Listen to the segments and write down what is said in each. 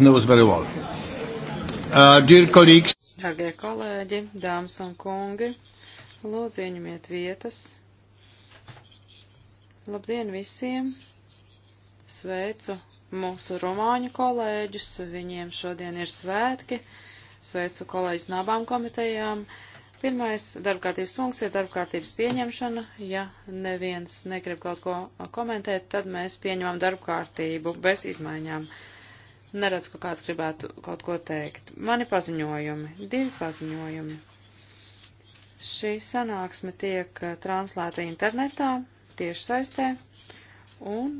knows very well. Uh, dear colleagues. Dargie kolēģi, dāmas un kungi, lūdzu ieņemiet vietas. Labdien visiem! Sveicu mūsu romāņu kolēģus, viņiem šodien ir svētki. Sveicu kolēģus no abām komitejām. Pirmais darbkārtības punkts ir darbkārtības pieņemšana. Ja neviens negrib kaut ko komentēt, tad mēs pieņemam darbkārtību bez izmaiņām. Uh, Neredz, ka kāds gribētu kaut ko teikt. Mani paziņojumi, divi paziņojumi. Šī sanāksme tiek eh, translēta internetā, tieši saistē, un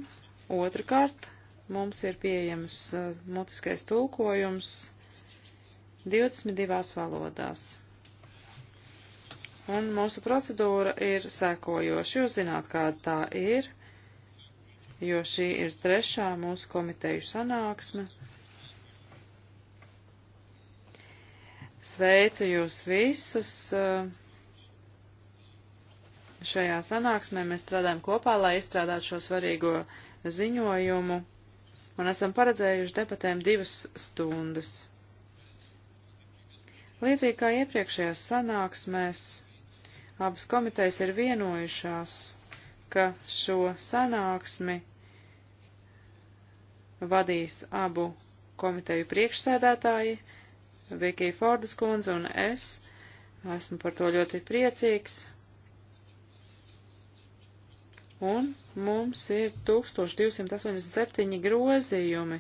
otrkārt mums ir pieejams eh, mutiskais tulkojums 22 valodās. Un mūsu procedūra ir sekojoša. Jūs zināt, kāda tā ir, jo šī ir trešā mūsu komiteju sanāksme. Sveicu jūs visus. Eh, šajā sanāksmē mēs strādājam kopā, lai izstrādātu šo svarīgo ziņojumu, un esam paredzējuši debatēm divas stundas. Līdzīgi kā iepriekšējās sanāksmēs, abas komitejas ir vienojušās, ka šo sanāksmi vadīs abu komiteju priekšsēdētāji, Vikija Fordas kundze un es. Esmu par to ļoti priecīgs. Un mums ir 1287 grozījumi,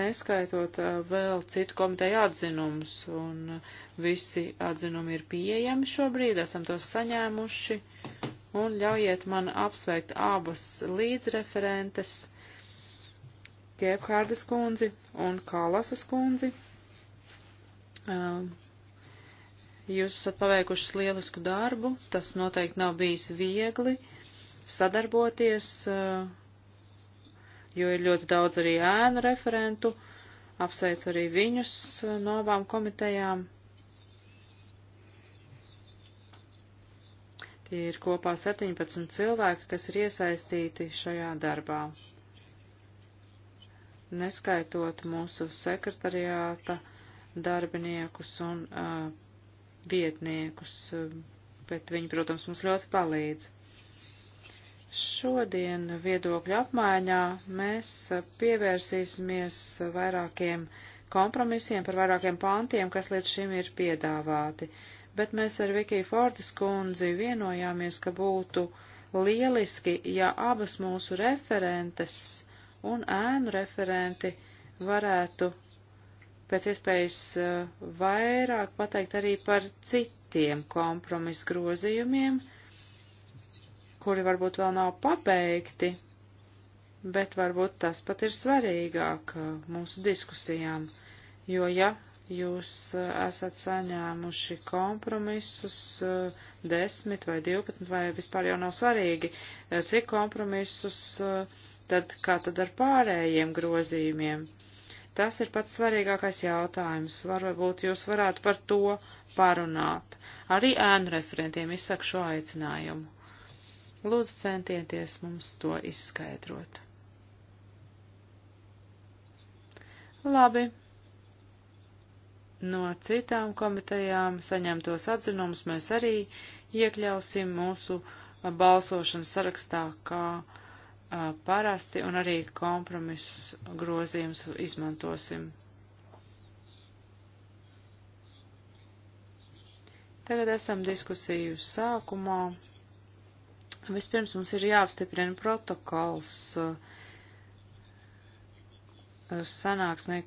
neskaitot vēl citu komiteju atzinumus, un visi atzinumi ir pieejami šobrīd, esam tos saņēmuši, un ļaujiet man apsveikt abas līdzreferentes, Gebhārdas kundzi un Kalasas kundzi. Jūs esat paveikušas lielisku darbu, tas noteikti nav bijis viegli sadarboties, jo ir ļoti daudz arī ēnu referentu, apsveicu arī viņus no abām komitejām. Tie ir kopā 17 cilvēki, kas ir iesaistīti šajā darbā. Neskaitot mūsu sekretariāta uh, darbiniekus un uh, vietniekus, bet viņi, protams, mums ļoti palīdz. Šodien viedokļu apmaiņā mēs pievērsīsimies vairākiem kompromisiem par vairākiem pāntiem, kas līdz šim ir piedāvāti, bet mēs ar Vikiju Fortis kundzi vienojāmies, ka būtu lieliski, ja abas mūsu referentes un ēnu referenti varētu pēc iespējas eh, vairāk pateikt arī par citiem kompromisu grozījumiem, kuri varbūt vēl nav pabeigti, bet varbūt tas pat ir svarīgāk eh, mūsu diskusijām, jo ja jūs eh, esat saņēmuši kompromisus 10 vai 12 vai vispār jau nav svarīgi, cik kompromisus, tad kā tad ar pārējiem grozījumiem? Tas ir pats svarīgākais jautājums. Varbūt jūs varētu par to parunāt. Arī ēnu referentiem izsaka šo aicinājumu. Lūdzu, centieties mums to izskaidrot. Labi. No citām komitejām saņemtos atzinumus mēs arī iekļausim mūsu balsošanas sarakstā kā parasti un arī kompromisus grozījums izmantosim. Tagad esam diskusiju sākumā. Vispirms mums ir jāapstiprina protokols sanāksmē,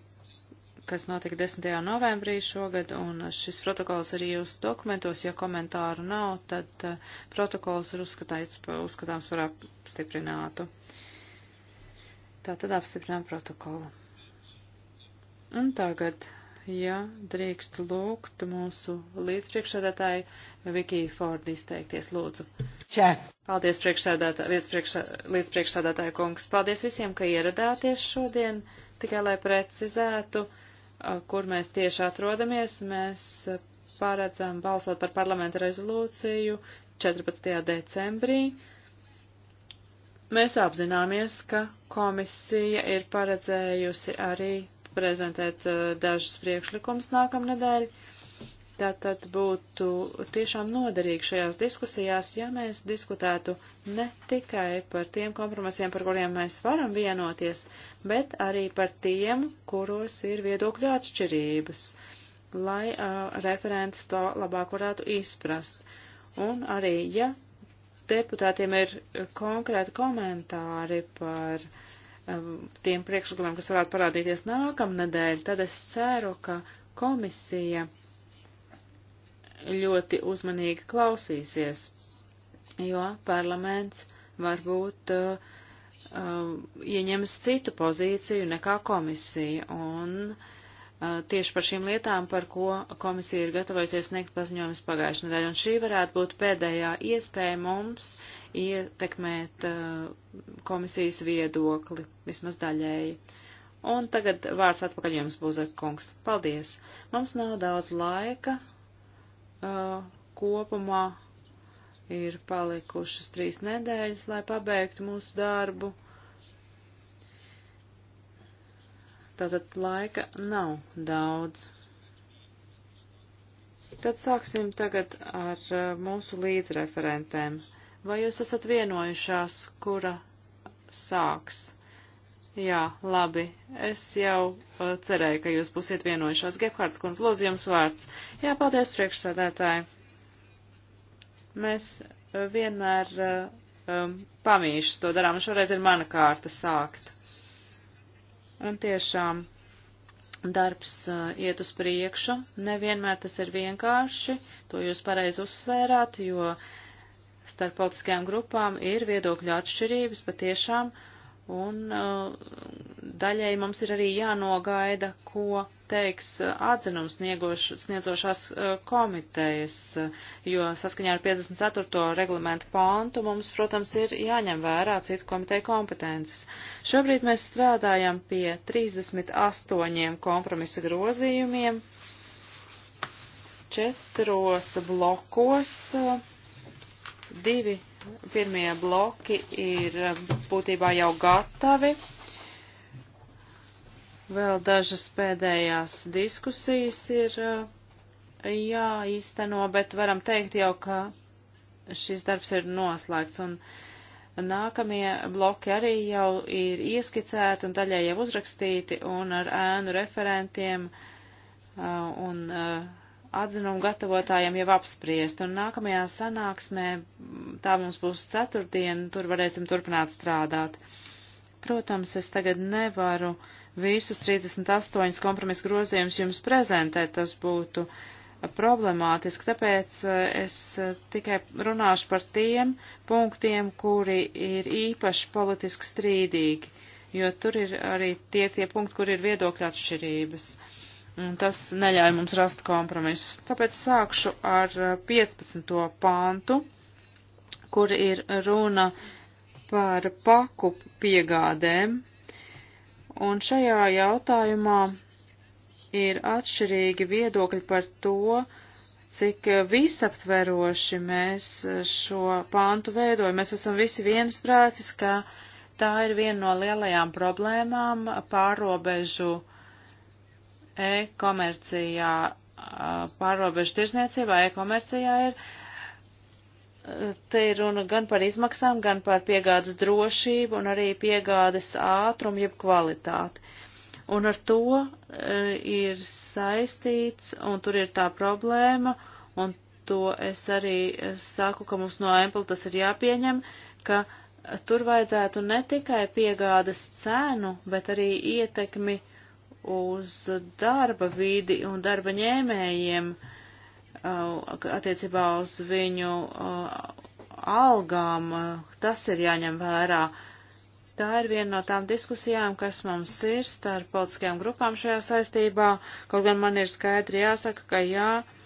kas notika 10. novembrī šogad, un šis protokols arī jūsu dokumentos, ja komentāru nav, tad eh, protokols ir uzskatāms par apstiprinātu. Tā tad apstiprinām protokolu. Un tagad, ja drīkst lūgt mūsu līdzpriekšsēdētāju Vikiju Fordu izteikties, lūdzu. Čē. Paldies, priekšsēdētāja, priekšsā, līdzpriekšsēdētāja kungs. Paldies visiem, ka ieradāties šodien tikai lai precizētu, kur mēs tieši atrodamies. Mēs paredzam balsot par parlamenta rezolūciju 14. decembrī. Mēs apzināmies, ka komisija ir paredzējusi arī prezentēt dažus priekšlikumus nākamnedēļ. Uh, Tātad būtu tiešām noderīgi šajās diskusijās, ja mēs diskutētu ne tikai par tiem kompromisiem, par kuriem mēs varam vienoties, bet arī par tiem, kuros ir viedokļu atšķirības, lai uh, referents to labāk varētu izprast. Un arī, ja deputātiem ir konkrēti komentāri par um, tiem priekšlikumiem, kas varētu parādīties nākamnedēļ, tad es ceru, ka komisija uh, ļoti uzmanīgi klausīsies, jo parlaments varbūt uh, uh, ieņems citu pozīciju nekā komisija. Un uh, tieši par šīm lietām, par ko komisija ir gatavojusies sniegt paziņojumus pagājušajā nedēļā. Un šī varētu būt pēdējā iespēja mums ietekmēt uh, komisijas viedokli, vismaz daļēji. Un tagad vārds atpakaļ jums, Buzek kungs. Paldies! Mums nav daudz laika, uh, kopumā ir palikušas trīs nedēļas, lai pabeigtu mūsu darbu. Tātad laika nav daudz. Tad sāksim tagad ar uh, mūsu līdzreferentēm. Vai jūs esat vienojušās, kura sāks? Jā, labi. Es jau uh, cerēju, ka jūs būsiet vienojušās. Gebhards kundz, lūdzu jums vārds. Jā, paldies priekšsēdētāji. Mēs uh, vienmēr uh, um, pamīšas to darām, un šoreiz ir mana kārta sākt. Un tiešām darbs uh, iet uz priekšu. Nevienmēr tas ir vienkārši, to jūs pareizi uzsvērāt, jo starp politiskajām grupām ir viedokļu atšķirības patiešām. Uh, Un uh, daļai mums ir arī jānogaida, ko teiks uh, atzinums sniedzošās uh, komitejas, jo saskaņā ar 54. reglamentu pāntu mums, protams, ir jāņem vērā citu komiteju kompetences. Šobrīd mēs strādājam pie 38 kompromisa grozījumiem, četros blokos, divi Pirmie bloki ir eh, būtībā jau gatavi. Vēl dažas pēdējās diskusijas ir eh, jāīsteno, bet varam teikt jau, ka šis darbs ir noslēgts. Un nākamie bloki arī jau ir ieskicēti un daļai jau uzrakstīti un ar ēnu referentiem eh, un atzinumu gatavotājiem jau apspriest, un nākamajā sanāksmē, tā mums būs ceturtdiena, tur varēsim turpināt strādāt. Protams, es tagad nevaru visus 38 kompromisu grozījumus jums prezentēt, tas būtu problemātiski, tāpēc e, es e, tikai runāšu par tiem punktiem, kuri ir īpaši politiski strīdīgi, jo tur ir arī tie tie punkti, kur ir viedokļa atšķirības un tas neļauj mums rast kompromisus. Tāpēc sākšu ar 15. Eh, pāntu, kur ir runa par paku piegādēm, un šajā jautājumā ir atšķirīgi viedokļi par to, cik visaptveroši mēs eh, šo pāntu veidojam. Mēs esam visi viensprātis, ka tā ir viena no lielajām problēmām pārobežu uh, e-komercijā, pārrobežu tirzniecībā, e-komercijā ir. Te ir runa gan par izmaksām, gan par piegādes drošību un arī piegādes ātrumu, jeb kvalitāti. Un ar to ir saistīts, un tur ir tā problēma, un to es arī saku, ka mums no Apple tas ir jāpieņem, ka tur vajadzētu ne tikai piegādes cenu, bet arī ietekmi uz darba vidi un darba ņēmējiem uh, attiecībā uz viņu uh, algām. Tas ir jāņem vērā. Tā ir viena no tām diskusijām, kas mums ir starp politiskajām grupām šajā saistībā, kaut gan man ir skaidri jāsaka, ka jā. Ja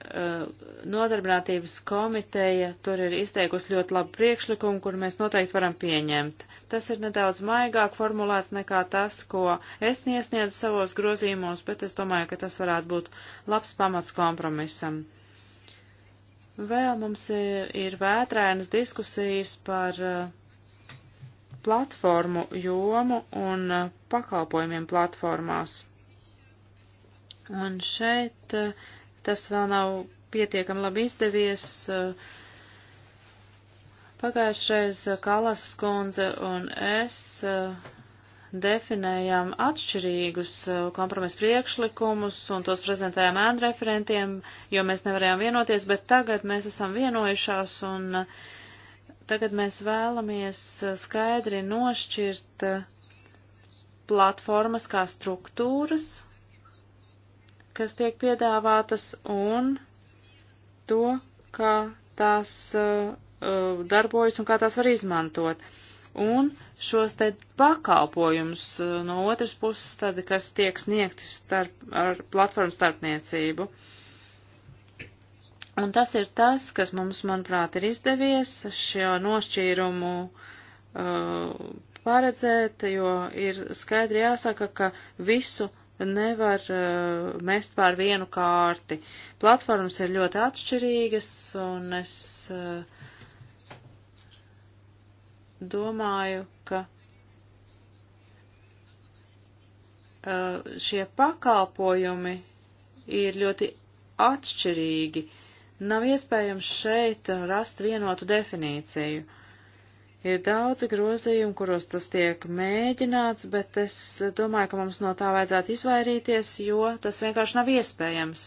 Uh, nodarbinātības komiteja tur ir izteikusi ļoti labu priekšlikumu, kur mēs noteikti varam pieņemt. Tas ir nedaudz maigāk formulēts nekā tas, ko es niesniedzu savos grozījumos, bet es domāju, ka tas varētu būt labs pamats kompromisam. Vēl mums ir, ir vētrainas diskusijas par uh, platformu jomu un uh, pakalpojumiem platformās. Un šeit uh, tas vēl nav pietiekami labi izdevies. Pagājušreiz Kalasas kundze un es eh, definējām atšķirīgus eh, kompromisu priekšlikumus un tos prezentējām ēnu referentiem, jo mēs nevarējām vienoties, bet tagad mēs esam vienojušās un eh, tagad mēs vēlamies skaidri nošķirt platformas kā struktūras kas tiek piedāvātas un to, kā tās uh, uh, darbojas un kā tās var izmantot. Un šos te pakalpojumus uh, no otras puses, tad, kas tiek sniegti starp, ar platformu starpniecību. Un tas ir tas, kas mums, manuprāt, ir izdevies šo nošķīrumu uh, paredzēt, jo ir skaidri jāsaka, ka visu nevar uh, mest pār vienu kārti. Platformas ir ļoti atšķirīgas, un es uh, domāju, ka uh, šie pakalpojumi ir ļoti atšķirīgi. Nav iespējams šeit rast vienotu definīciju. Uh, Ir daudzi grozījumi, kuros tas tiek mēģināts, bet es domāju, ka mums no tā vajadzētu izvairīties, jo tas vienkārši nav iespējams.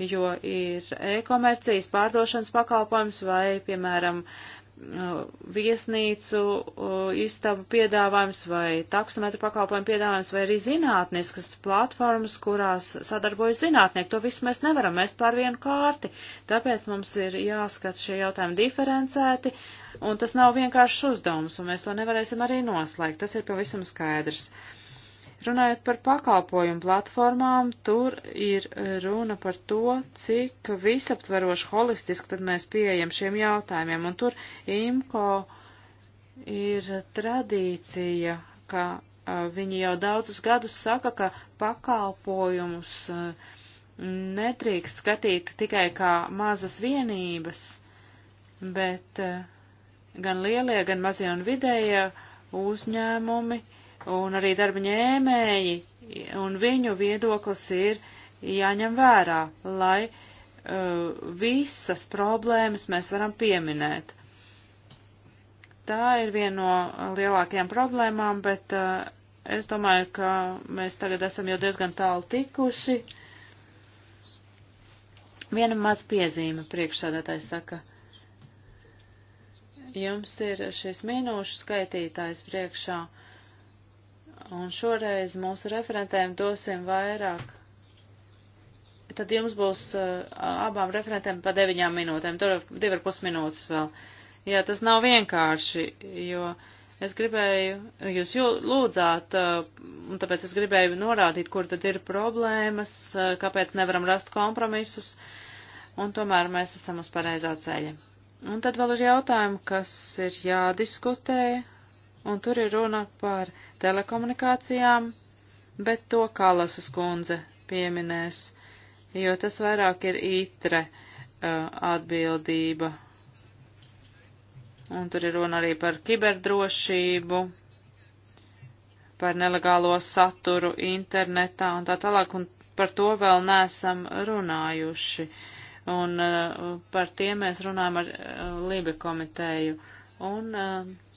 Jo ir e-komercijas pārdošanas pakalpojums vai, piemēram, uh, Uh, viesnīcu uh, istabu piedāvājums vai taksometru pakalpojumu piedāvājums vai arī zinātniskas platformas, kurās sadarbojas zinātnieki. To visu mēs nevaram mest pār vienu kārti, tāpēc mums ir jāskat šie jautājumi diferencēti, un tas nav vienkāršs uzdevums, un mēs to nevarēsim arī noslēgt. Tas ir pavisam skaidrs. Uh, Runājot par pakalpojumu platformām, tur ir runa par to, cik visaptveroši holistiski tad mēs pieejam šiem jautājumiem, un tur IMCO ir tradīcija, ka viņi jau daudzus gadus saka, ka pakalpojumus nedrīkst skatīt tikai kā mazas vienības, bet gan lielie, gan mazie un vidējie uzņēmumi uh, un arī darba ņēmēji, un viņu viedoklis ir jāņem vērā, lai uh, visas problēmas mēs varam pieminēt. Tā ir viena no lielākajām problēmām, bet uh, es domāju, ka mēs tagad esam jau diezgan tālu tikuši. Viena maz piezīme priekšsādātājs saka jums ir šis minūšu skaitītājs priekšā, un šoreiz mūsu referentēm dosim vairāk. Tad jums būs uh, abām referentēm pa deviņām minūtēm, tur divi ar pus minūtes vēl. Jā, tas nav vienkārši, jo es gribēju, jūs jū, lūdzāt, uh, un tāpēc es gribēju norādīt, kur tad ir problēmas, uh, kāpēc nevaram rast kompromisus, un tomēr mēs esam uz pareizā ceļa. Un tad vēl ir jautājumi, kas ir jādiskutē, un tur ir runa par telekomunikācijām, bet to Kalasas kundze pieminēs, jo tas vairāk ir itre uh, atbildība. Un tur ir runa arī par kiberdrošību, par nelegālo saturu internetā un tā tālāk, un par to vēl nesam runājuši. Un uh, par tiem mēs runājam ar uh, Lībe komiteju. Un uh,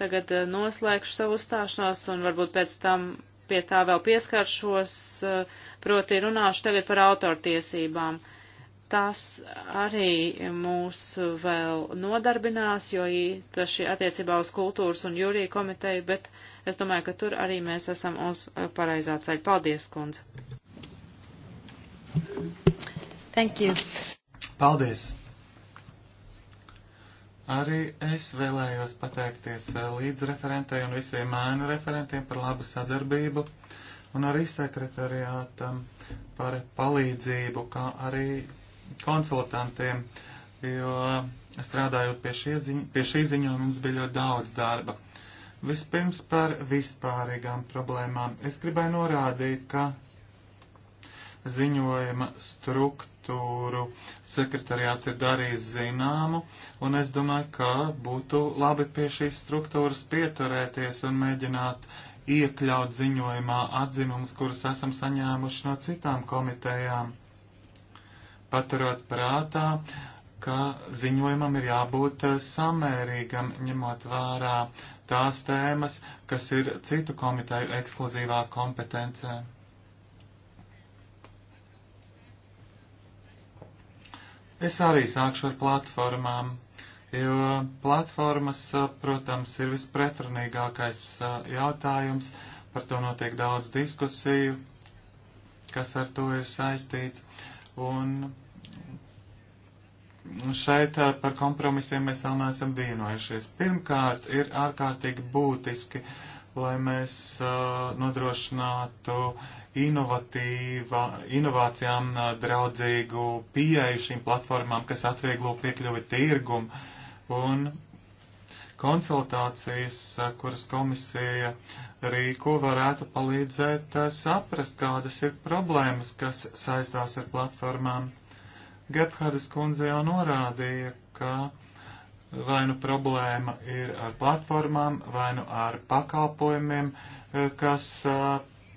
Tagad eh, noslēgšu savu uzstāšanos un varbūt pēc tam pie tā vēl pieskaršos, eh, proti runāšu tagad par autortiesībām. Tas arī mūs vēl nodarbinās, jo īpaši attiecībā uz kultūras un jūrija komiteju, bet es domāju, ka tur arī mēs esam uz eh, pareizā ceļa. Paldies, kundze! Thank you! Paldies! Arī es vēlējos pateikties eh, līdz referentei un visiem ēnu referentiem par labu sadarbību un arī sekretariātam par palīdzību, kā arī konsultantiem, jo strādājot pie šī, ziņ, pie šī ziņojuma mums bija ļoti daudz darba. Vispirms par vispārīgām problēmām. Es gribēju norādīt, ka ziņojuma struktūra struktūru sekretariāts ir darījis zināmu, un es domāju, ka būtu labi pie šīs struktūras pieturēties un mēģināt iekļaut ziņojumā atzinumus, kurus esam saņēmuši no citām komitejām. Paturot prātā, ka ziņojumam ir jābūt samērīgam, ņemot vērā tās tēmas, kas ir citu komiteju ekskluzīvā kompetencē. Es arī sākšu ar platformām, jo platformas, eh, protams, ir vispretrunīgākais eh, jautājums, par to notiek daudz diskusiju, kas ar to ir saistīts. Un šeit eh, par kompromisiem mēs vēl neesam vienojušies. Pirmkārt, ir ārkārtīgi būtiski, lai mēs uh, nodrošinātu inovācijām draudzīgu pieeju šīm platformām, kas atvieglo piekļuvi tirgumu un konsultācijas, kuras komisija rīko, varētu palīdzēt saprast, kādas ir problēmas, kas saistās ar platformām. Gebhardas kundze jau norādīja, ka vai nu problēma ir ar platformām, vai nu ar pakalpojumiem, kas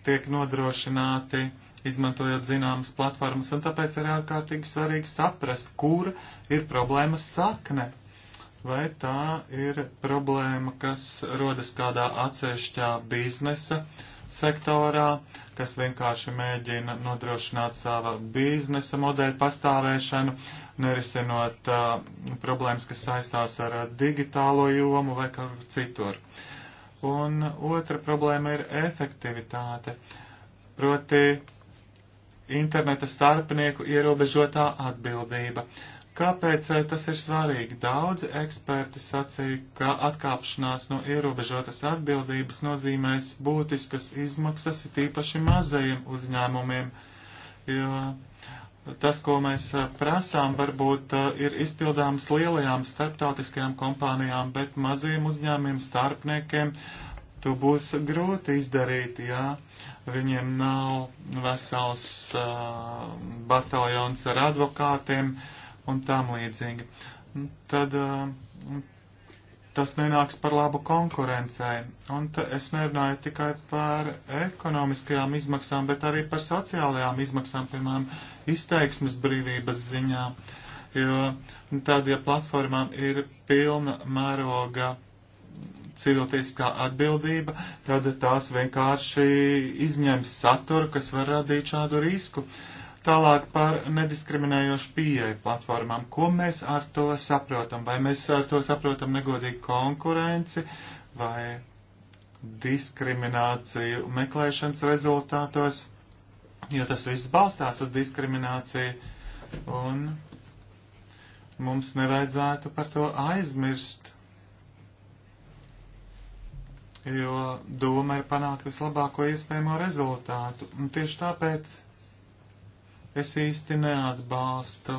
tiek nodrošināti izmantojot zināmas platformas, un tāpēc ir ārkārtīgi svarīgi saprast, kur ir problēmas sakne. Vai tā ir problēma, kas rodas kādā atsevišķā biznesa sektorā, kas vienkārši mēģina nodrošināt sava biznesa modeļa pastāvēšanu, nerisinot uh, problēmas, kas saistās ar uh, digitālo jomu vai kaut kur citur. Uh, Un otra problēma ir efektivitāte, proti interneta starpnieku ierobežotā atbildība. Kāpēc eh, tas ir svarīgi? Daudzi eksperti sacīja, ka atkāpšanās no ierobežotas atbildības nozīmēs būtiskas izmaksas, it īpaši mazajiem uzņēmumiem, jo tas, ko mēs prasām, varbūt ir izpildāms lielajām starptautiskajām kompānijām, bet maziem uzņēmiem, starpniekiem to būs grūti izdarīt, jā. Viņiem nav vesels uh, bataljons ar advokātiem un tam līdzīgi. Tad uh, tas nenāks par labu konkurencei. Un es nerunāju tikai par ekonomiskajām izmaksām, bet arī par sociālajām izmaksām, piemēram, uh, izteiksmes brīvības ziņā, jo tad, ja platformām ir pilna mēroga civiltiesiskā atbildība, tad tās vienkārši izņems saturu, kas var radīt šādu risku. Tālāk par nediskriminējošu pieeju platformām. Ko mēs ar to saprotam? Vai mēs ar to saprotam negodīgu konkurenci vai diskrimināciju meklēšanas rezultātos? jo tas viss balstās uz diskrimināciju. Un mums nevajadzētu par to aizmirst, jo doma ir panākt vislabāko iespējamo rezultātu. Un tieši tāpēc es īsti neatbalstu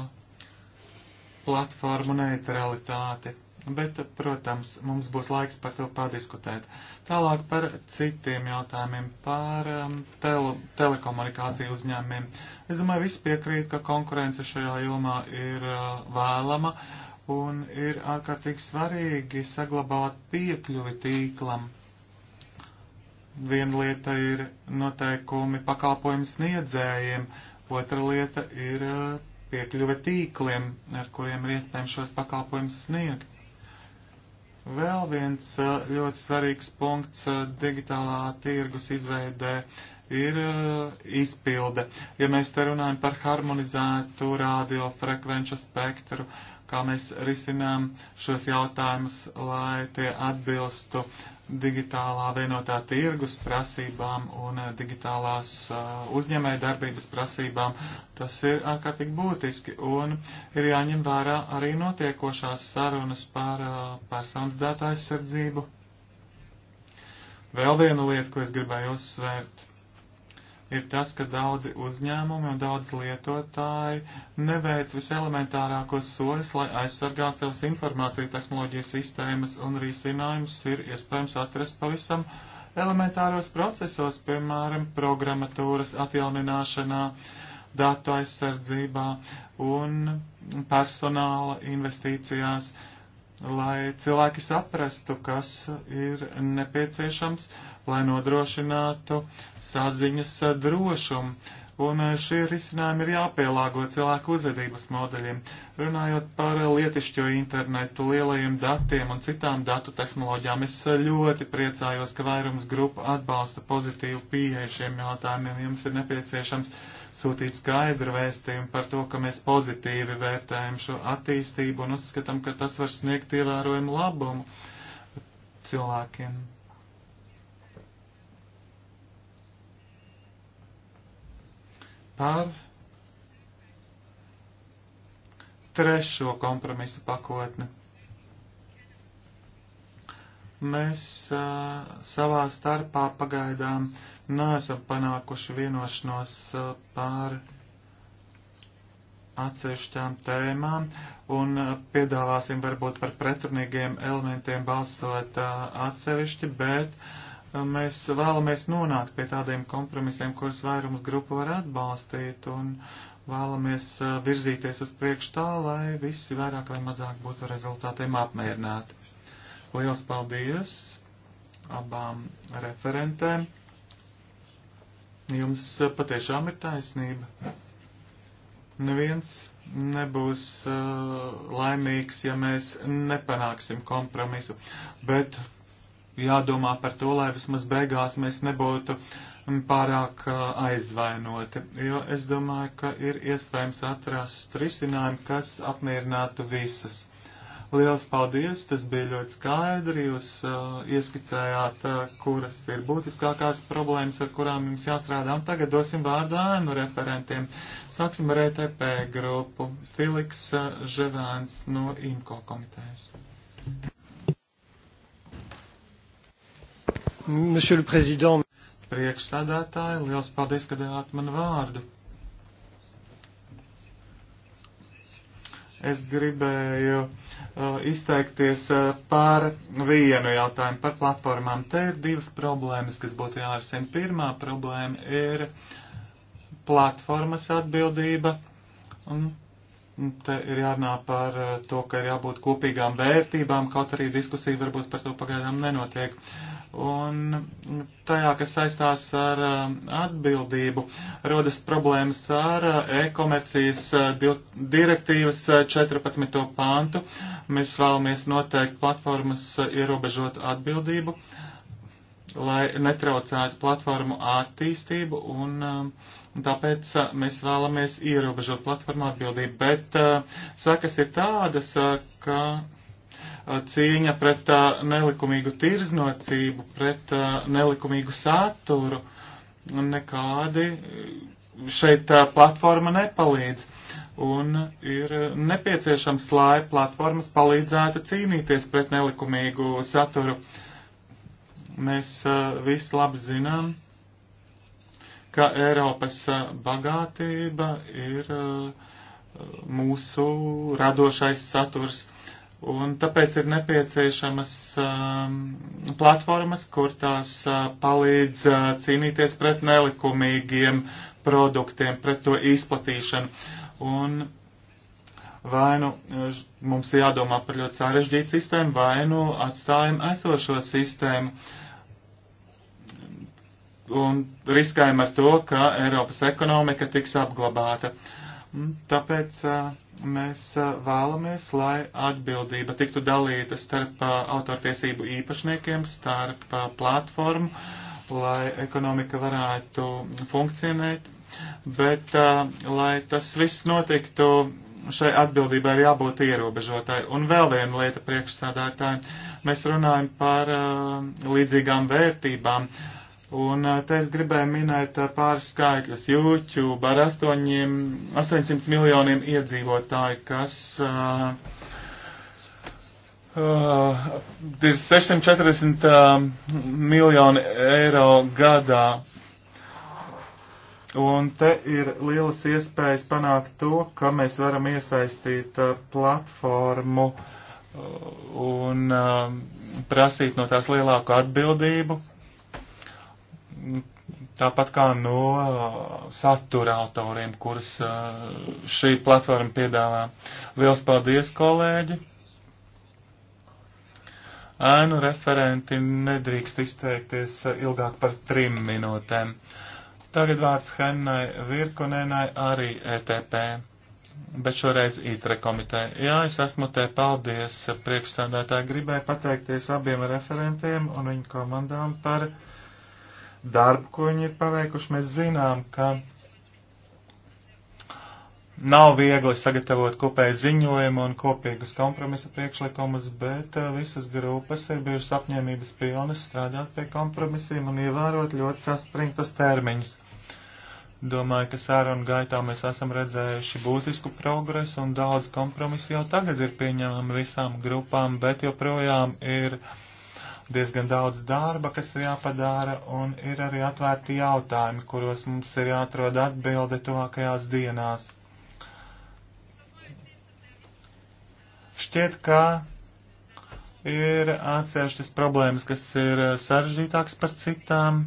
platformu neutralitāti bet, protams, mums būs laiks par to padiskutēt. Tālāk par citiem jautājumiem, par um, tele, telekomunikāciju uzņēmumiem. Es domāju, visi piekrīt, ka konkurence šajā jomā ir uh, vēlama un ir ārkārtīgi svarīgi saglabāt piekļuvi tīklam. Viena lieta ir noteikumi pakalpojumu sniedzējiem, otra lieta ir uh, piekļuve tīkliem, ar kuriem ir iespējams šos pakalpojumus sniegt Vēl viens eh, ļoti svarīgs punkts eh, digitālā tirgus izveidē ir eh, izpilde. Ja mēs te runājam par harmonizētu radiofrekvenču spektru, kā mēs risinām šos jautājumus, lai tie atbilstu digitālā vienotā tirgus prasībām un eh, digitālās eh, uzņēmēja darbības prasībām. Tas ir ārkārtīgi būtiski un ir jāņem vērā arī notiekošās sarunas par eh, personas datu aizsardzību. Vēl viena lieta, ko es gribēju uzsvērt ir tas, ka daudzi uzņēmumi un daudz lietotāji neveic viselelementārākos soļus, lai aizsargātu savas informāciju tehnoloģiju sistēmas un risinājumus ir iespējams atrast pavisam elementāros procesos, piemēram, programmatūras atjaunināšanā, datu aizsardzībā un personāla investīcijās, lai cilvēki saprastu, kas ir nepieciešams lai nodrošinātu saziņas drošumu. Un eh, šie risinājumi ir jāpielāgo cilvēku uzvedības modeļiem. Runājot par eh, lietišķo internetu, lielajiem datiem un citām datu tehnoloģijām, es eh, ļoti priecājos, ka vairums grupu atbalsta pozitīvu pieeju šiem jautājumiem. Jums ir nepieciešams sūtīt skaidru vēstījumu par to, ka mēs pozitīvi vērtējam šo attīstību un uzskatām, ka tas var sniegt ievērojumu labumu cilvēkiem. par trešo kompromisu pakotni. Mēs uh, savā starpā pagaidām neesam panākuši vienošanos uh, pār atsevišķām tēmām un piedāvāsim varbūt par pretrunīgiem elementiem balsot uh, atsevišķi, bet uh, mēs vēlamies nonākt pie tādiem kompromisiem, kurus vairums grupu var atbalstīt, un vēlamies uh, virzīties uz priekšu tā, lai visi vairāk vai mazāk būtu rezultātiem apmierināti. Liels paldies abām referentēm. Jums uh, patiešām ir taisnība neviens nebūs uh, laimīgs, ja mēs nepanāksim kompromisu. Bet jādomā par to, lai vismaz beigās mēs nebūtu mm, pārāk aizvainoti, jo es domāju, ka ir iespējams atrast risinājumu, kas apmierinātu visas. Liels paldies, tas bija ļoti skaidri, jūs uh, ieskicējāt, uh, kuras ir būtiskākās problēmas, ar kurām jums jāstrādā, un tagad dosim vārdu ēnu referentiem. Sāksim ar ETP grupu. Filiks uh, Ževēns no IMKO komitejas. Monsieur le Président. Priekšsādātāji, liels paldies, ka devāt man vārdu. Es gribēju uh, izteikties uh, par vienu jautājumu par platformām. Te ir divas problēmas, kas būtu jārisina. Pirmā problēma ir platformas atbildība. Un Te ir jārunā par uh, to, ka ir jābūt kopīgām vērtībām, kaut arī diskusija varbūt par to pagaidām nenotiek. Uh, un tajā, kas saistās ar um, atbildību, rodas problēmas ar uh, e-komercijas uh, direktīvas 14. Uh, pāntu. Mēs vēlamies noteikt platformas ierobežot atbildību, lai netraucētu platformu attīstību, un um, tāpēc mēs vēlamies ierobežot platformu atbildību. Bet sakas ir tādas, ka cīņa pret nelikumīgu tirzniecību, pret nelikumīgu saturu. Nekādi e, šeit platforma nepalīdz. Un ir nepieciešams, lai platformas palīdzētu cīnīties pret nelikumīgu saturu. Mēs visi labi zinām, ka Eiropas bagātība ir mūsu radošais saturs Un tāpēc ir nepieciešamas um, platformas, kur tās uh, palīdz uh, cīnīties pret nelikumīgiem produktiem, pret to izplatīšanu. Un vai nu uh, mums ir jādomā par ļoti sarežģītu sistēmu, vai nu atstājam esošo sistēmu. Un riskējam ar to, ka Eiropas ekonomika tiks apglabāta. Uh, Mm, tāpēc mēs vēlamies, lai atbildība tiktu dalīta starp autortiesību īpašniekiem, starp platformu, lai ekonomika varētu funkcionēt, bet lai tas viss notiktu, šai atbildībai ir jābūt ierobežotai. Un vēl viena lieta priekšsādātāji, mēs runājam par līdzīgām vērtībām. Uh, Un te es gribēju minēt pāris skaitļus. YouTube ar 8, 800 miljoniem iedzīvotāju, kas uh, uh, ir 640 uh, miljoni eiro gadā. Un te ir lielas iespējas panākt to, ka mēs varam iesaistīt uh, platformu uh, un uh, prasīt no tās lielāku atbildību tāpat kā no uh, satura autoriem, kurus uh, šī platforma piedāvā. Liels paldies, kolēģi! Ēnu referenti nedrīkst izteikties uh, ilgāk par trim minūtēm. Tagad vārds Hennai Virkunenai arī ETP, bet šoreiz ITRE komiteja. Jā, es esmu te paldies priekšsādātāji. Gribēju pateikties abiem referentiem un viņu komandām par darbu, ko viņi ir paveikuši. Mēs zinām, ka nav viegli sagatavot kopēju ziņojumu un kopīgus kompromisa priekšlikumus, bet uh, visas grupas ir bijušas apņēmības pilnas strādāt pie kompromisiem un ievērot ļoti saspringtus termiņus. Domāju, ka sērunu gaitā mēs esam redzējuši būtisku progresu un daudz kompromisu jau tagad ir pieņemami visām grupām, bet joprojām ir uh, diezgan daudz darba, kas ir jāpadara, un ir arī atvērti jautājumi, kuros mums ir jāatrod atbilde tuvākajās dienās. Šķiet, ka ir atsevišķas problēmas, kas ir sarežģītākas par citām,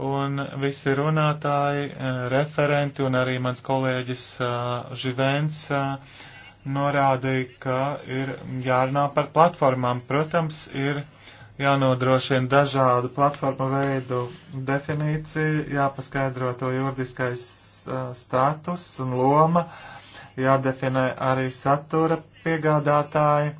un visi runātāji, referenti un arī mans kolēģis eh, Živens. Uh, eh, norādīja, ka ir jārunā par platformām. Protams, ir jānodrošina dažādu platformu veidu definīcija, jāpaskaidro to juridiskais uh, status un loma, jādefinē arī satura piegādātāji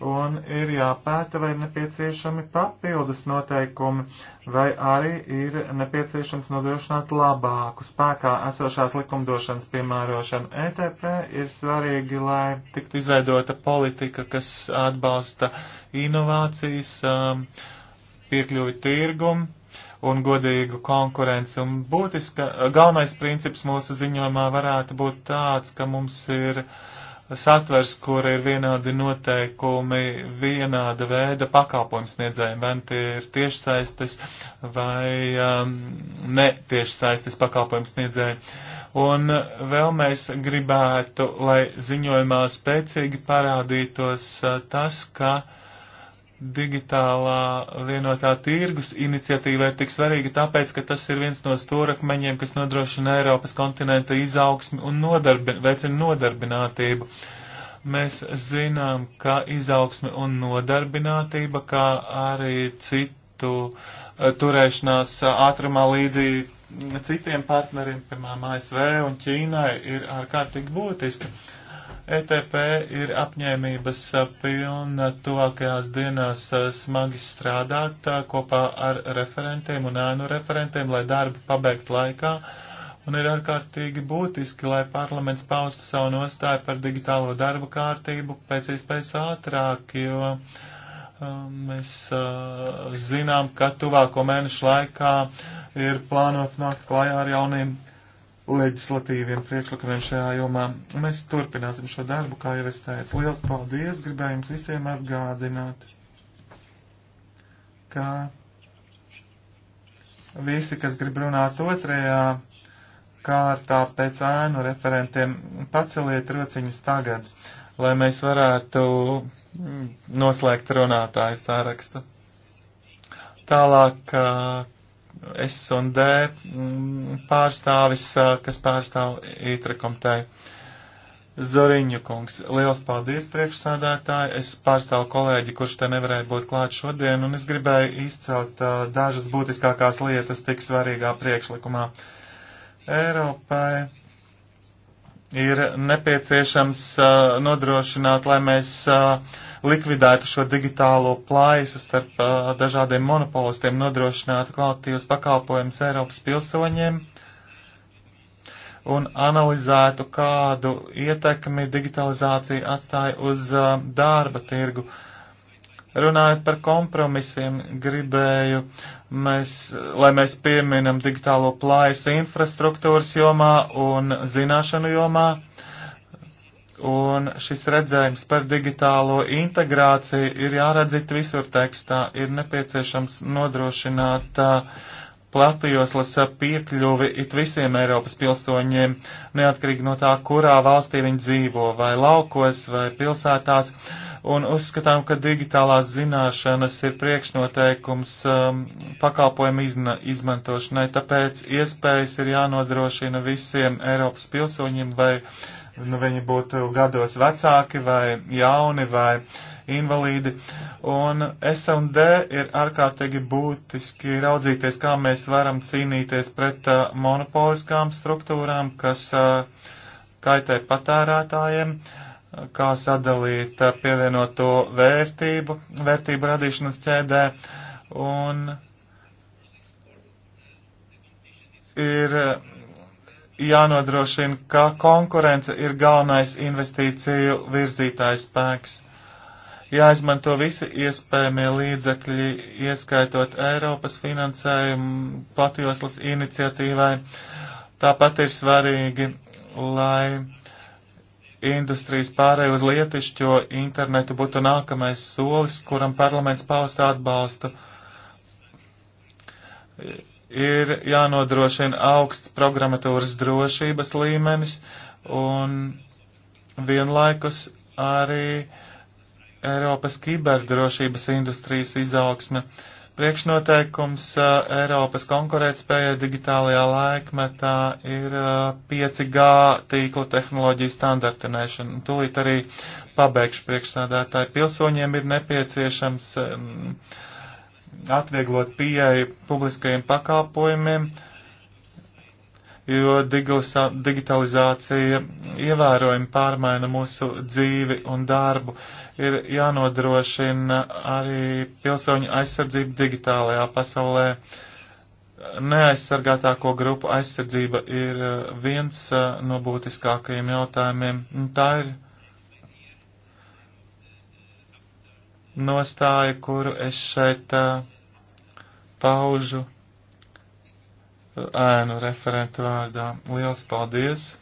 un ir jāpēta, vai ir nepieciešami papildus noteikumi, vai arī ir nepieciešams nodrošināt labāku spēkā esošās likumdošanas piemērošanu. ETP ir svarīgi, lai tiktu izveidota politika, kas atbalsta inovācijas, um, piekļuvi tirgumu un godīgu konkurenci. Un būtiska, galvenais princips mūsu ziņojumā varētu būt tāds, ka mums ir uh, satvers, kur ir vienādi noteikumi, vienāda veida pakalpojums sniedzējiem, vai nu tie ir tiešsaistes vai um, ne tiešsaistes pakalpojums sniedzējiem. Un vēl mēs gribētu, lai ziņojumā spēcīgi parādītos uh, tas, ka uh, digitālā vienotā tirgus iniciatīva ir tik svarīga tāpēc, ka tas ir viens no stūrakmeņiem, kas nodrošina Eiropas kontinenta izaugsmi un nodarbi, veicina nodarbinātību. Mēs zinām, ka izaugsme un nodarbinātība, kā arī citu eh, turēšanās ātrumā līdzīgi citiem partneriem, piemēram, ASV un Ķīnai, ir ārkārtīgi būtiska. Uh, ETP ir apņēmības pilna tuvākajās dienās smagi strādāt kopā ar referentiem un ēnu referentiem, lai darbu pabeigtu laikā. Un ir ārkārtīgi būtiski, lai parlaments pausta savu nostāju par digitālo darbu kārtību pēc iespējas ātrāk, jo mēs zinām, ka tuvāko mēnešu laikā ir plānots nākt klajā ar jauniem leģislatīviem priekšlikumiem šajā jomā. Mēs turpināsim šo darbu, kā jau es teicu. Liels paldies! Gribēju jums visiem atgādināt, ka visi, kas grib runāt otrajā kārtā pēc ēnu referentiem, paceliet rociņas tagad, lai mēs varētu noslēgt runātāju sārakstu. Tālāk S&D mm, pārstāvis, kas pārstāv ITRE komiteju. Zoriņu kungs, liels paldies priekšsādātāji. Es pārstāvu kolēģi, kurš te nevarēja būt klāt šodien, un es gribēju izcelt uh, dažas būtiskākās lietas tik svarīgā priekšlikumā. Eiropai ir nepieciešams uh, nodrošināt, lai mēs uh, likvidētu šo digitālo plājusu starp uh, dažādiem monopolistiem, nodrošinātu kvalitīvas pakalpojumus Eiropas pilsoņiem un analizētu, kādu ietekmi digitalizācija atstāja uz uh, darba tirgu. Runājot par kompromisiem, gribēju, mēs, lai mēs pieminam digitālo plājas infrastruktūras jomā un zināšanu jomā Un šis redzējums par digitālo integrāciju ir jāredzīt visur tekstā, ir nepieciešams nodrošināt platījoslas piekļuvi it visiem Eiropas pilsoņiem, neatkarīgi no tā, kurā valstī viņi dzīvo, vai laukos, vai pilsētās, un uzskatām, ka digitālās zināšanas ir priekšnoteikums um, pakalpojumu izna, izmantošanai, tāpēc iespējas ir jānodrošina visiem Eiropas pilsoņiem vai nu, viņi būtu gados vecāki vai jauni vai invalīdi. Un S&D ir ārkārtīgi būtiski raudzīties, kā mēs varam cīnīties pret uh, monopoliskām struktūrām, kas uh, kaitē patērētājiem, kā sadalīt uh, pievienoto vērtību, vērtību radīšanas ķēdē. Un ir uh, jānodrošina, ka konkurence ir galvenais investīciju virzītājs spēks. Jāizmanto visi iespējamie līdzekļi, ieskaitot Eiropas finansējumu platjoslas iniciatīvai. Tāpat ir svarīgi, lai industrijas pārēju uz lietišķo internetu būtu nākamais solis, kuram parlaments paust atbalstu ir jānodrošina augsts programmatūras drošības līmenis un vienlaikus arī Eiropas kiberdrošības industrijas izaugsme. Priekšnoteikums Eiropas konkurētspējai digitālajā laikmetā ir 5G tīkla tehnoloģija standartinēšana. Tūlīt arī pabeigšu priekšsādātāju. Pilsoņiem ir nepieciešams um, atvieglot pieeju publiskajiem pakalpojumiem, jo digitalizācija ievērojami pārmaina mūsu dzīvi un darbu. Ir jānodrošina arī pilsoņu aizsardzība digitālajā pasaulē. Neaizsargātāko grupu aizsardzība ir eh, viens eh, no būtiskākajiem jautājumiem. Tā ir nostāja, kuru es šeit paužu ēnu referentu vārdā. Liels paldies!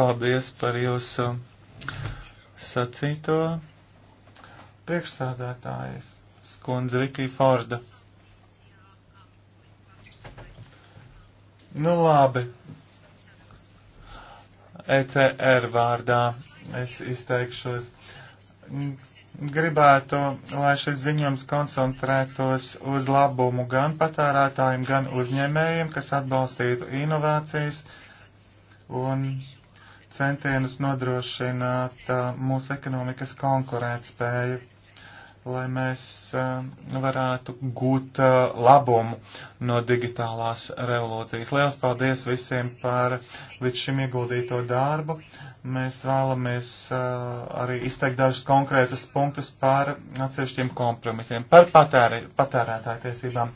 Paldies par jūsu sacīto priekšsādātāju skundze Vikija Forda. Nu labi, ECR vārdā es izteikšos gribētu, lai šis ziņojums koncentrētos uz labumu gan patērētājiem, gan uzņēmējiem, kas atbalstītu inovācijas un centienus nodrošināt uh, mūsu ekonomikas konkurētspēju lai mēs eh, varētu gūt eh, labumu no digitālās revolūcijas. Liels paldies visiem par līdz šim ieguldīto darbu. Mēs vēlamies eh, arī izteikt dažus konkrētus punktus par atsevišķiem kompromisiem, par patērē, patērētāju tiesībām.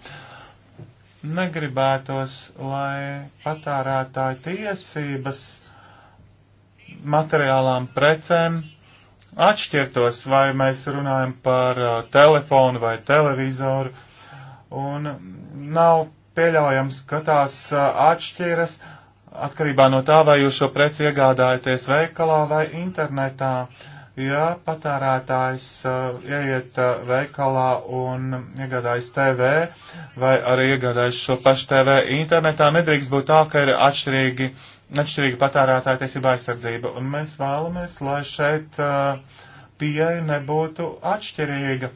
Negribētos, lai patērētāju tiesības materiālām precēm atšķirtos, vai mēs runājam par uh, telefonu vai televizoru, un nav pieļaujams, ka tās uh, atšķiras atkarībā no tā, vai jūs šo preci iegādājaties veikalā vai internetā. Uh, Ja patērētājs uh, ieiet uh, veikalā un iegādājas TV vai arī iegādājas šo pašu TV internetā, nedrīkst būt tā, ka ir atšķirīgi, atšķirīgi patērētāja tiesība aizsardzība. Un mēs vēlamies, lai šeit uh, pieeja nebūtu atšķirīga.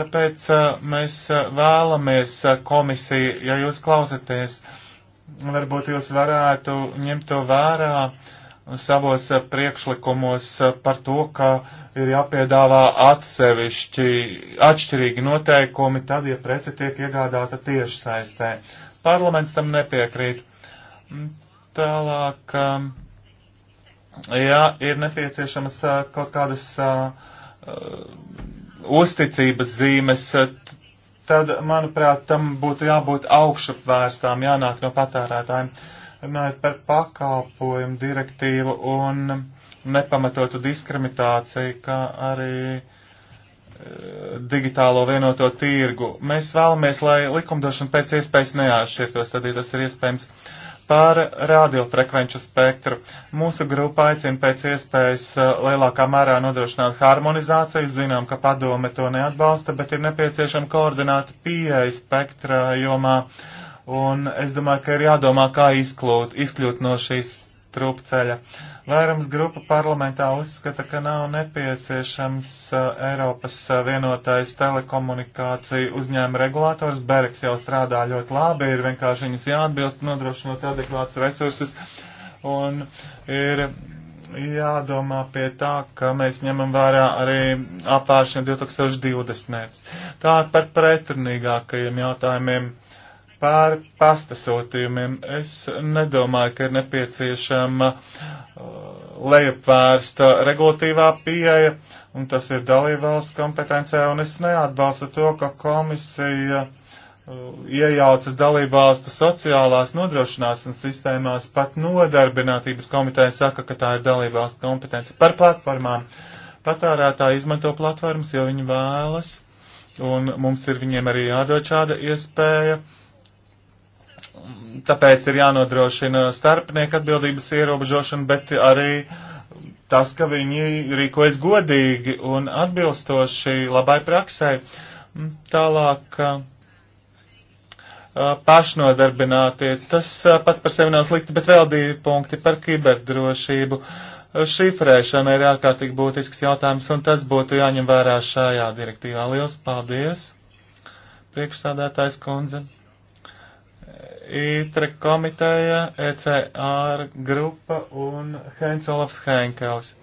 Tāpēc uh, mēs uh, vēlamies uh, komisiju, ja jūs klausaties, varbūt jūs varētu ņemt to vērā savos eh, priekšlikumos eh, par to, ka ir jāpiedāvā atsevišķi, atšķirīgi noteikumi tad, ja prece tiek iegādāta tieši saistē. Parlaments tam nepiekrīt. Mm, tālāk, um, jā, ir nepieciešamas eh, kaut kādas uzticības zīmes, tad, manuprāt, tam būtu jābūt augšupvērstām, jānāk no patērētājiem. Uh, Runājot par pakalpojumu direktīvu un nepamatotu diskrimināciju, kā arī e, digitālo vienoto tirgu. Mēs vēlamies, lai likumdošana pēc iespējas neāršķirtos, tad, ja tas ir iespējams, par radiofrekvenču spektru. Mūsu grupa aicina pēc iespējas e, lielākā mērā nodrošināt harmonizāciju. Zinām, ka padome to neatbalsta, bet ir nepieciešama koordināta pieeja spektra jomā. Uh, un es domāju, ka ir jādomā, kā izklūt, izkļūt no šīs trūpceļa. Vairums grupa parlamentā uzskata, ka nav nepieciešams uh, Eiropas uh, vienotais telekomunikāciju uzņēma regulators. Bereks jau strādā ļoti labi, ir vienkārši viņas jāatbilst, nodrošinot adekvātus resursus. Un ir jādomā pie tā, ka mēs ņemam vērā arī apvēršana 2020. Tā par pretrunīgākajiem jautājumiem. Pār pasta sūtījumiem es nedomāju, ka ir nepieciešama uh, lejupvērsta regulatīvā pieeja, un tas ir dalībvalsts kompetencijā, un es neatbalstu to, ka komisija uh, iejaucas dalībvalstu sociālās nodrošināšanas sistēmās, pat nodarbinātības komiteja saka, ka tā ir dalībvalstu kompetence par platformām. Patērētāji izmanto platformas, jo viņi vēlas, un mums ir viņiem arī jādod šāda iespēja Tāpēc ir jānodrošina starpnieku atbildības ierobežošana, bet arī tas, ka viņi rīkojas godīgi un atbilstoši labai praksē. Mm, tālāk pašnodarbinātie. Tas pats par sevi nav slikti, bet vēl divi punkti par kiberdrošību. Šifrēšana ir ārkārtīgi būtisks jautājums, un tas būtu jāņem vērā šajā direktīvā. Lielas paldies! Priekšsādātājs kundze. ITRE komiteja, ECR grupa un Heinz Olafs Henkels.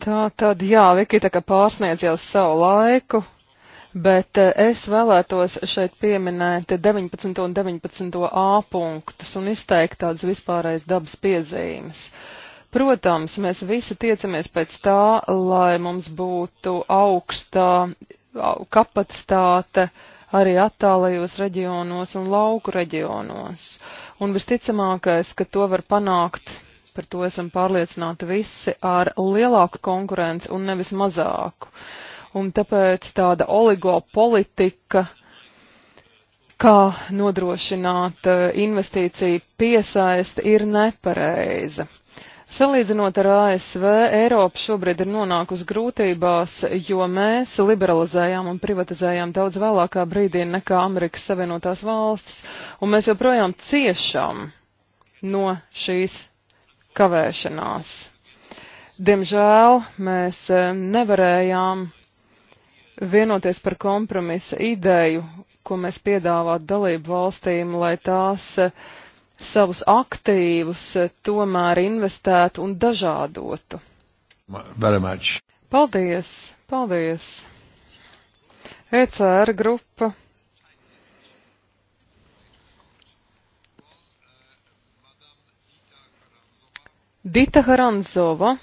Tā tad, jā, Viki tā kā pārsniedz jau savu laiku, bet eh, es vēlētos šeit pieminēt 19. un 19. A punktus un izteikt tādas vispārējas dabas piezīmes. Protams, mēs visi tiecamies pēc tā, lai mums būtu augstā kapacitāte arī attālajos reģionos un lauku reģionos. Un visticamākais, ka to var panākt, par to esam pārliecināti visi, ar lielāku konkurenci un nevis mazāku. Un tāpēc tāda oligopolitika, kā nodrošināt eh, investīciju piesaisti, ir nepareiza. Salīdzinot ar ASV, Eiropa šobrīd ir nonākusi grūtībās, jo mēs liberalizējām un privatizējām daudz vēlākā brīdī nekā Amerikas Savienotās valstis, un mēs joprojām ciešam no šīs kavēšanās. Diemžēl mēs eh, nevarējām vienoties par kompromisa ideju, ko mēs piedāvāt dalību valstīm, lai tās uh, savus aktīvus eh, tomēr investētu un dažādotu. Very much. Paldies, paldies. ECR grupa. Dita Haranzova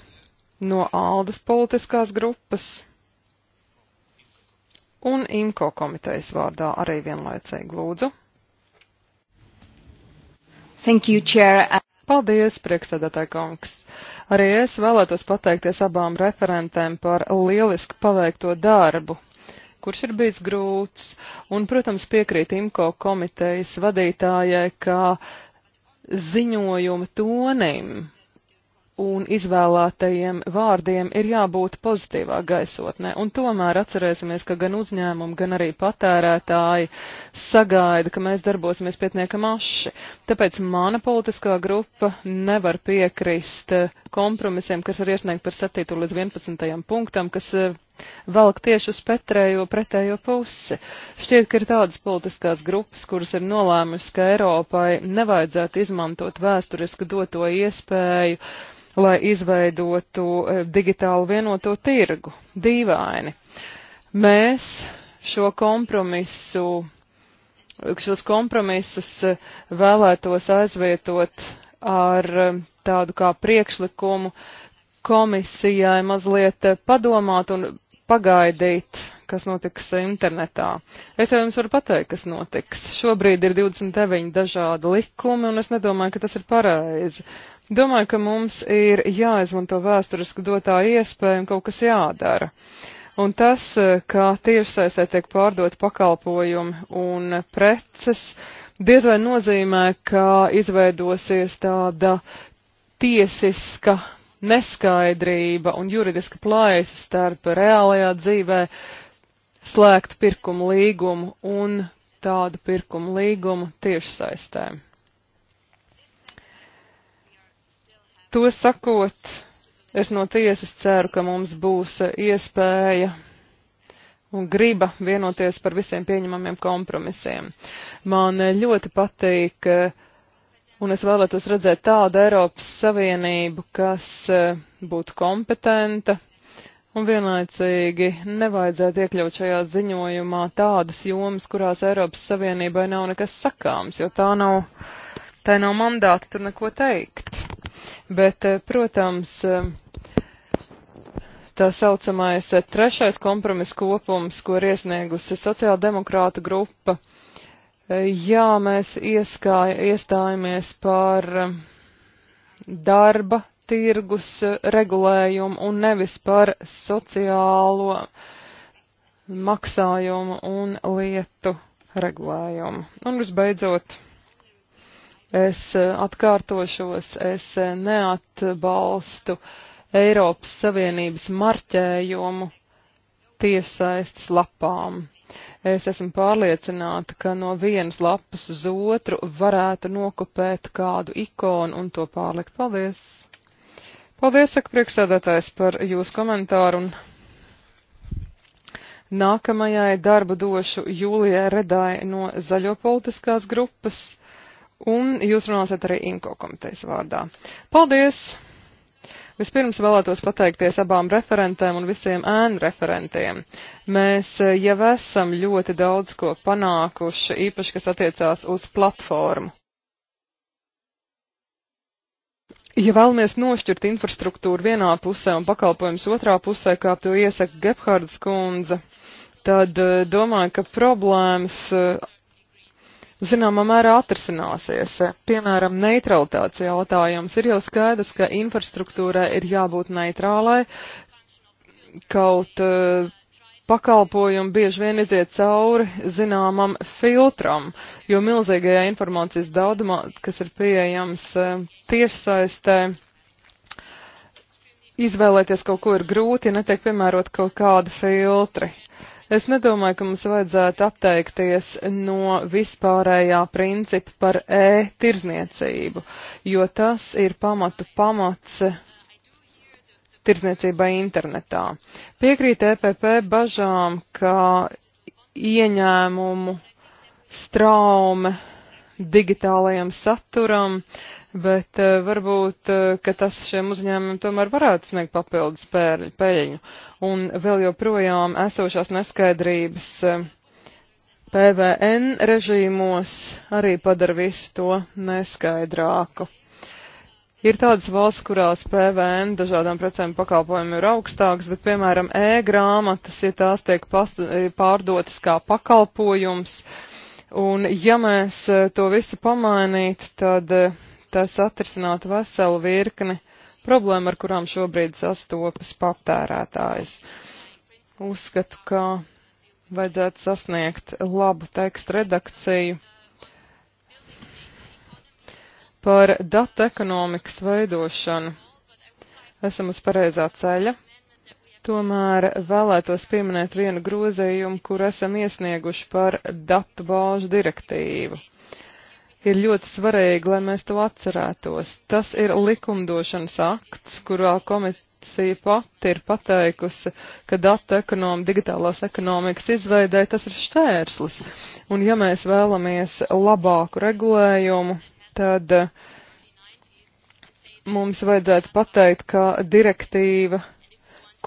no Aldas politiskās grupas un IMKO komitejas vārdā arī vienlaicīgi lūdzu. Thank you, Chair. Paldies, priekšsēdētāji kungs. Arī es vēlētos pateikties abām referentēm par lieliski paveikto darbu, kurš ir bijis grūts, un, protams, piekrīt IMCO komitejas vadītājai, ka ziņojuma tonim un izvēlētajiem vārdiem ir jābūt pozitīvā gaisotnē. Un tomēr atcerēsimies, ka gan uzņēmumi, gan arī patērētāji sagaida, ka mēs darbosimies pietiekam aši. Tāpēc mana politiskā grupa nevar piekrist kompromisiem, kas ir iesniegt par 7. līdz 11. punktam, kas eh, valk tieši uz petrējo pretējo pusi. Šķiet, ka ir tādas politiskās grupas, kuras ir nolēmusi, ka Eiropai nevajadzētu izmantot vēsturisku doto iespēju, lai izveidotu e, digitālu vienoto tirgu. Dīvaini. Mēs šo kompromisu, šos kompromisus e, vēlētos aizvietot ar e, tādu kā priekšlikumu, komisijai mazliet padomāt un pagaidīt, kas notiks internetā. Es jau jums varu pateikt, kas notiks. Šobrīd ir 29 dažādi likumi, un es nedomāju, ka tas ir pareizi. Domāju, ka mums ir jāizmanto vēsturiski dotā iespēja un kaut kas jādara. Un tas, kā tiešsaistē tiek pārdot pakalpojumi un preces, diez vai nozīmē, ka izveidosies tāda tiesiska neskaidrība un juridiska plājas starp reālajā dzīvē slēgt pirkumu līgumu un tādu pirkumu līgumu tiešsaistēm. To sakot, es no tiesas ceru, ka mums būs iespēja un griba vienoties par visiem pieņemamiem kompromisiem. Man ļoti patīk uh, Un es vēlētos redzēt tādu Eiropas Savienību, kas eh, būtu kompetenta un vienlaicīgi nevajadzētu iekļaut šajā ziņojumā tādas jomas, kurās Eiropas Savienībai nav nekas sakāms, jo tā nav, tā nav mandāta tur neko teikt. Bet, eh, protams, eh, tā saucamais trešais kompromis kopums, ko ir iesniegusi sociāldemokrāta grupa, uh, Jā, mēs ieskāja, iestājamies par um, darba tirgus uh, regulējumu un nevis par sociālo maksājumu un lietu regulējumu. Un visbeidzot, es uh, atkārtošos, es uh, neatbalstu Eiropas Savienības marķējumu tiesaists lapām. Es esmu pārliecināta, ka no vienas lapas uz otru varētu nokopēt kādu ikonu un to pārlikt. Paldies! Paldies, saka priekšsēdētājs, par jūsu komentāru un nākamajai darbu došu Jūlijai Redai no Zaļo politiskās grupas un jūs runāsiet arī Inko komitejas vārdā. Paldies! Vispirms vēlētos pateikties abām referentēm un visiem ēnu referentiem. Mēs eh, jau esam ļoti daudz ko panākuši, īpaši, kas attiecās uz platformu. Ja vēlamies nošķirt infrastruktūru vienā pusē un pakalpojumus otrā pusē, kā to iesaka Gebhards kundze, tad eh, domāju, ka problēmas eh, zināmā mērā atrisināsies. Piemēram, neutralitātes jautājums ir jau skaidrs, ka infrastruktūrai ir jābūt neitrālai, kaut uh, pakalpojumi bieži vien iziet cauri zināmam filtram, jo milzīgajā informācijas daudzumā, kas ir pieejams eh, tiešsaistē, izvēlēties kaut ko ir grūti, ja netiek piemērot kaut kādi filtri. Es nedomāju, ka mums vajadzētu atteikties no vispārējā principa par e-tirzniecību, jo tas ir pamatu pamats tirzniecībai internetā. Piekrīt EPP bažām, ka ieņēmumu straume digitālajam saturam uh, bet eh, varbūt, eh, ka tas šiem uzņēmumiem tomēr varētu sniegt papildus pēļņu. Un vēl joprojām esošās neskaidrības eh, PVN režīmos arī padara visu to neskaidrāku. Ir tādas valsts, kurās PVN dažādām precēm pakalpojumiem ir augstāks, bet, piemēram, e-grāmatas, ja tās tiek pārdotas kā pakalpojums, un ja mēs to visu pamainītu, tad tas atrisinātu veselu virkni problēmu, ar kurām šobrīd sastopas patērētājs. Uzskatu, ka vajadzētu sasniegt labu tekstu redakciju par datu ekonomikas veidošanu. Esam uz pareizā ceļa. Tomēr vēlētos pieminēt vienu grozījumu, kur esam iesnieguši par datu bāžu direktīvu ir ļoti svarīgi, lai mēs to atcerētos. Tas ir likumdošanas akts, kurā komisija pati ir pateikusi, ka data ekonom, digitālās ekonomikas izveidē tas ir šķērslis. Un ja mēs vēlamies labāku regulējumu, tad mums vajadzētu pateikt, ka direktīva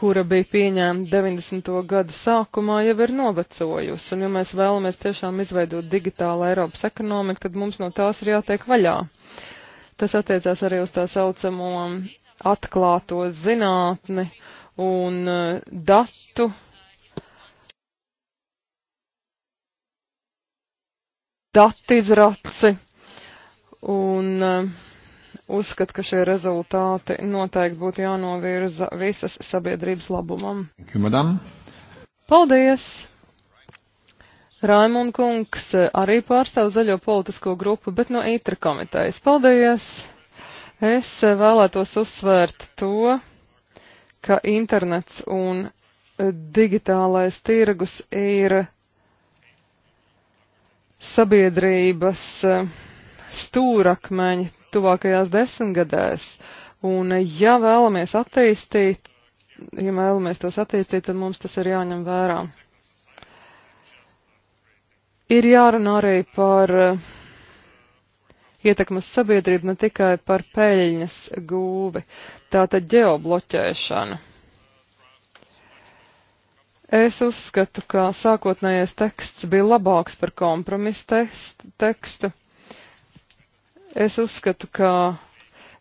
kura bija pieņēmta 90. gada sākumā, jau ir novecojusi, un ja mēs vēlamies tiešām izveidot digitālu Eiropas ekonomiku, tad mums no tās ir jātiek vaļā. Tas attiecās arī uz tā saucamo atklāto zinātni un eh, datu datizraci. Un uh, uzskatu, ka šie rezultāti noteikti būtu jānovirza visas sabiedrības labumam. Madam. Paldies! Raimund Kungs arī pārstāv zaļo politisko grupu, bet no ITRA komitejas. Paldies! Es vēlētos uzsvērt to, ka internets un digitālais tirgus ir sabiedrības stūrakmeņi tuvākajās desmitgadēs. Un ja vēlamies attīstīt, ja vēlamies tos attīstīt, tad mums tas ir jāņem vērā. Ir jārunā arī par eh, ietekmas sabiedrību, ne tikai par peļņas gūvi, tātad ģeobloķēšanu. Es uzskatu, ka sākotnējais teksts bija labāks par kompromisu tekstu, Es uzskatu, ka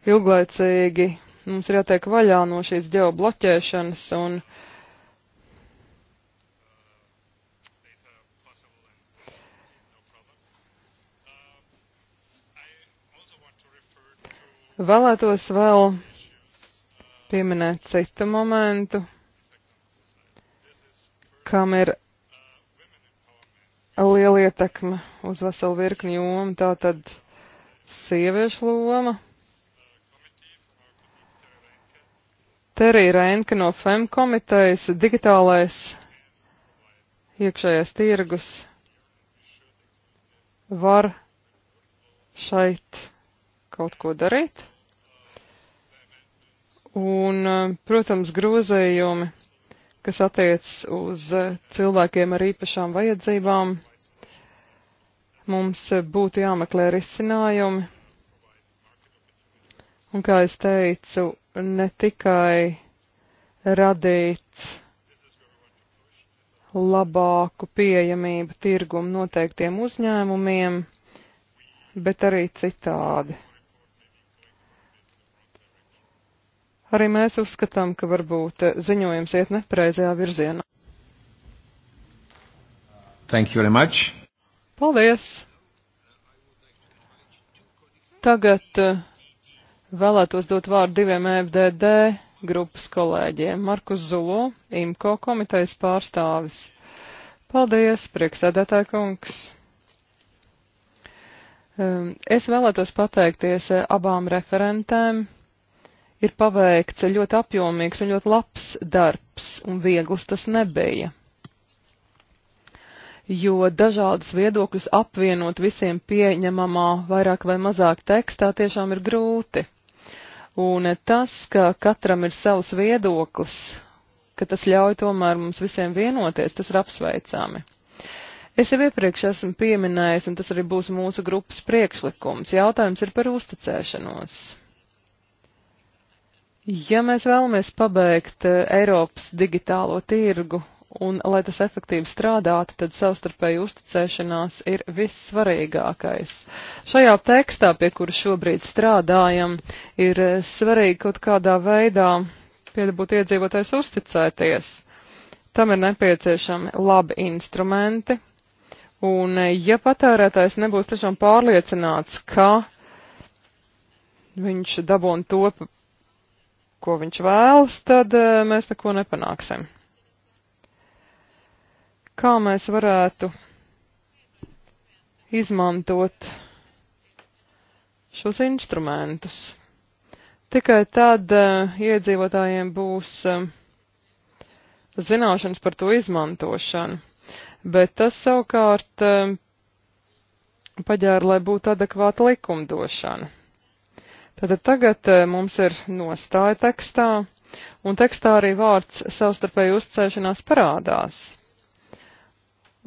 ilglaicīgi mums ir jātiek vaļā no šīs ģeobloķēšanas un Vēlētos vēl pieminēt citu momentu, kam ir liela ietekme uz veselu virkni jomu, tā tad sieviešu loma. Terija Reinke no FEM komitejas digitālais iekšējais tirgus var šeit kaut ko darīt. Un, protams, grozējumi, kas attiec uz cilvēkiem ar īpašām vajadzībām. Mums būtu jāmeklē risinājumi. Un kā es teicu, ne tikai radīt labāku pieejamību tirgumu noteiktiem uzņēmumiem, bet arī citādi. Arī mēs uzskatām, ka varbūt ziņojums iet nepareizajā virzienā. Thank you very much. Paldies! Tagad eh, vēlētos dot vārdu diviem EFDD grupas kolēģiem. Markus Zulu, IMKO komitejas pārstāvis. Paldies, prieksēdētāja kungs! Ehm, es vēlētos pateikties eh, abām referentēm. Ir paveikts ļoti apjomīgs un ļoti labs darbs, un viegls tas nebija jo dažādas viedokļas apvienot visiem pieņemamā vairāk vai mazāk tekstā tiešām ir grūti. Un tas, ka katram ir savs viedoklis, ka tas ļauj tomēr mums visiem vienoties, tas ir apsveicami. Es jau iepriekš esmu pieminējis, un tas arī būs mūsu grupas priekšlikums. Jautājums ir par uzticēšanos. Ja mēs vēlamies pabeigt eh, Eiropas digitālo tirgu un, lai tas efektīvi strādātu, tad savstarpēji uzticēšanās ir vissvarīgākais. Šajā tekstā, pie kura šobrīd strādājam, ir eh, svarīgi kaut kādā veidā piedabūt iedzīvotājs uzticēties. Tam ir nepieciešami labi instrumenti, un eh, ja patērētājs nebūs tiešām pārliecināts, ka viņš dabūna to, ko viņš vēlas, tad eh, mēs neko nepanāksim kā mēs varētu izmantot šos instrumentus. Tikai tad uh, iedzīvotājiem būs uh, zināšanas par to izmantošanu, bet tas savukārt uh, paģēra, lai būtu adekvāta likumdošana. Tātad tagad uh, mums ir nostāja tekstā, un tekstā arī vārds savstarpēji uzticēšanās parādās.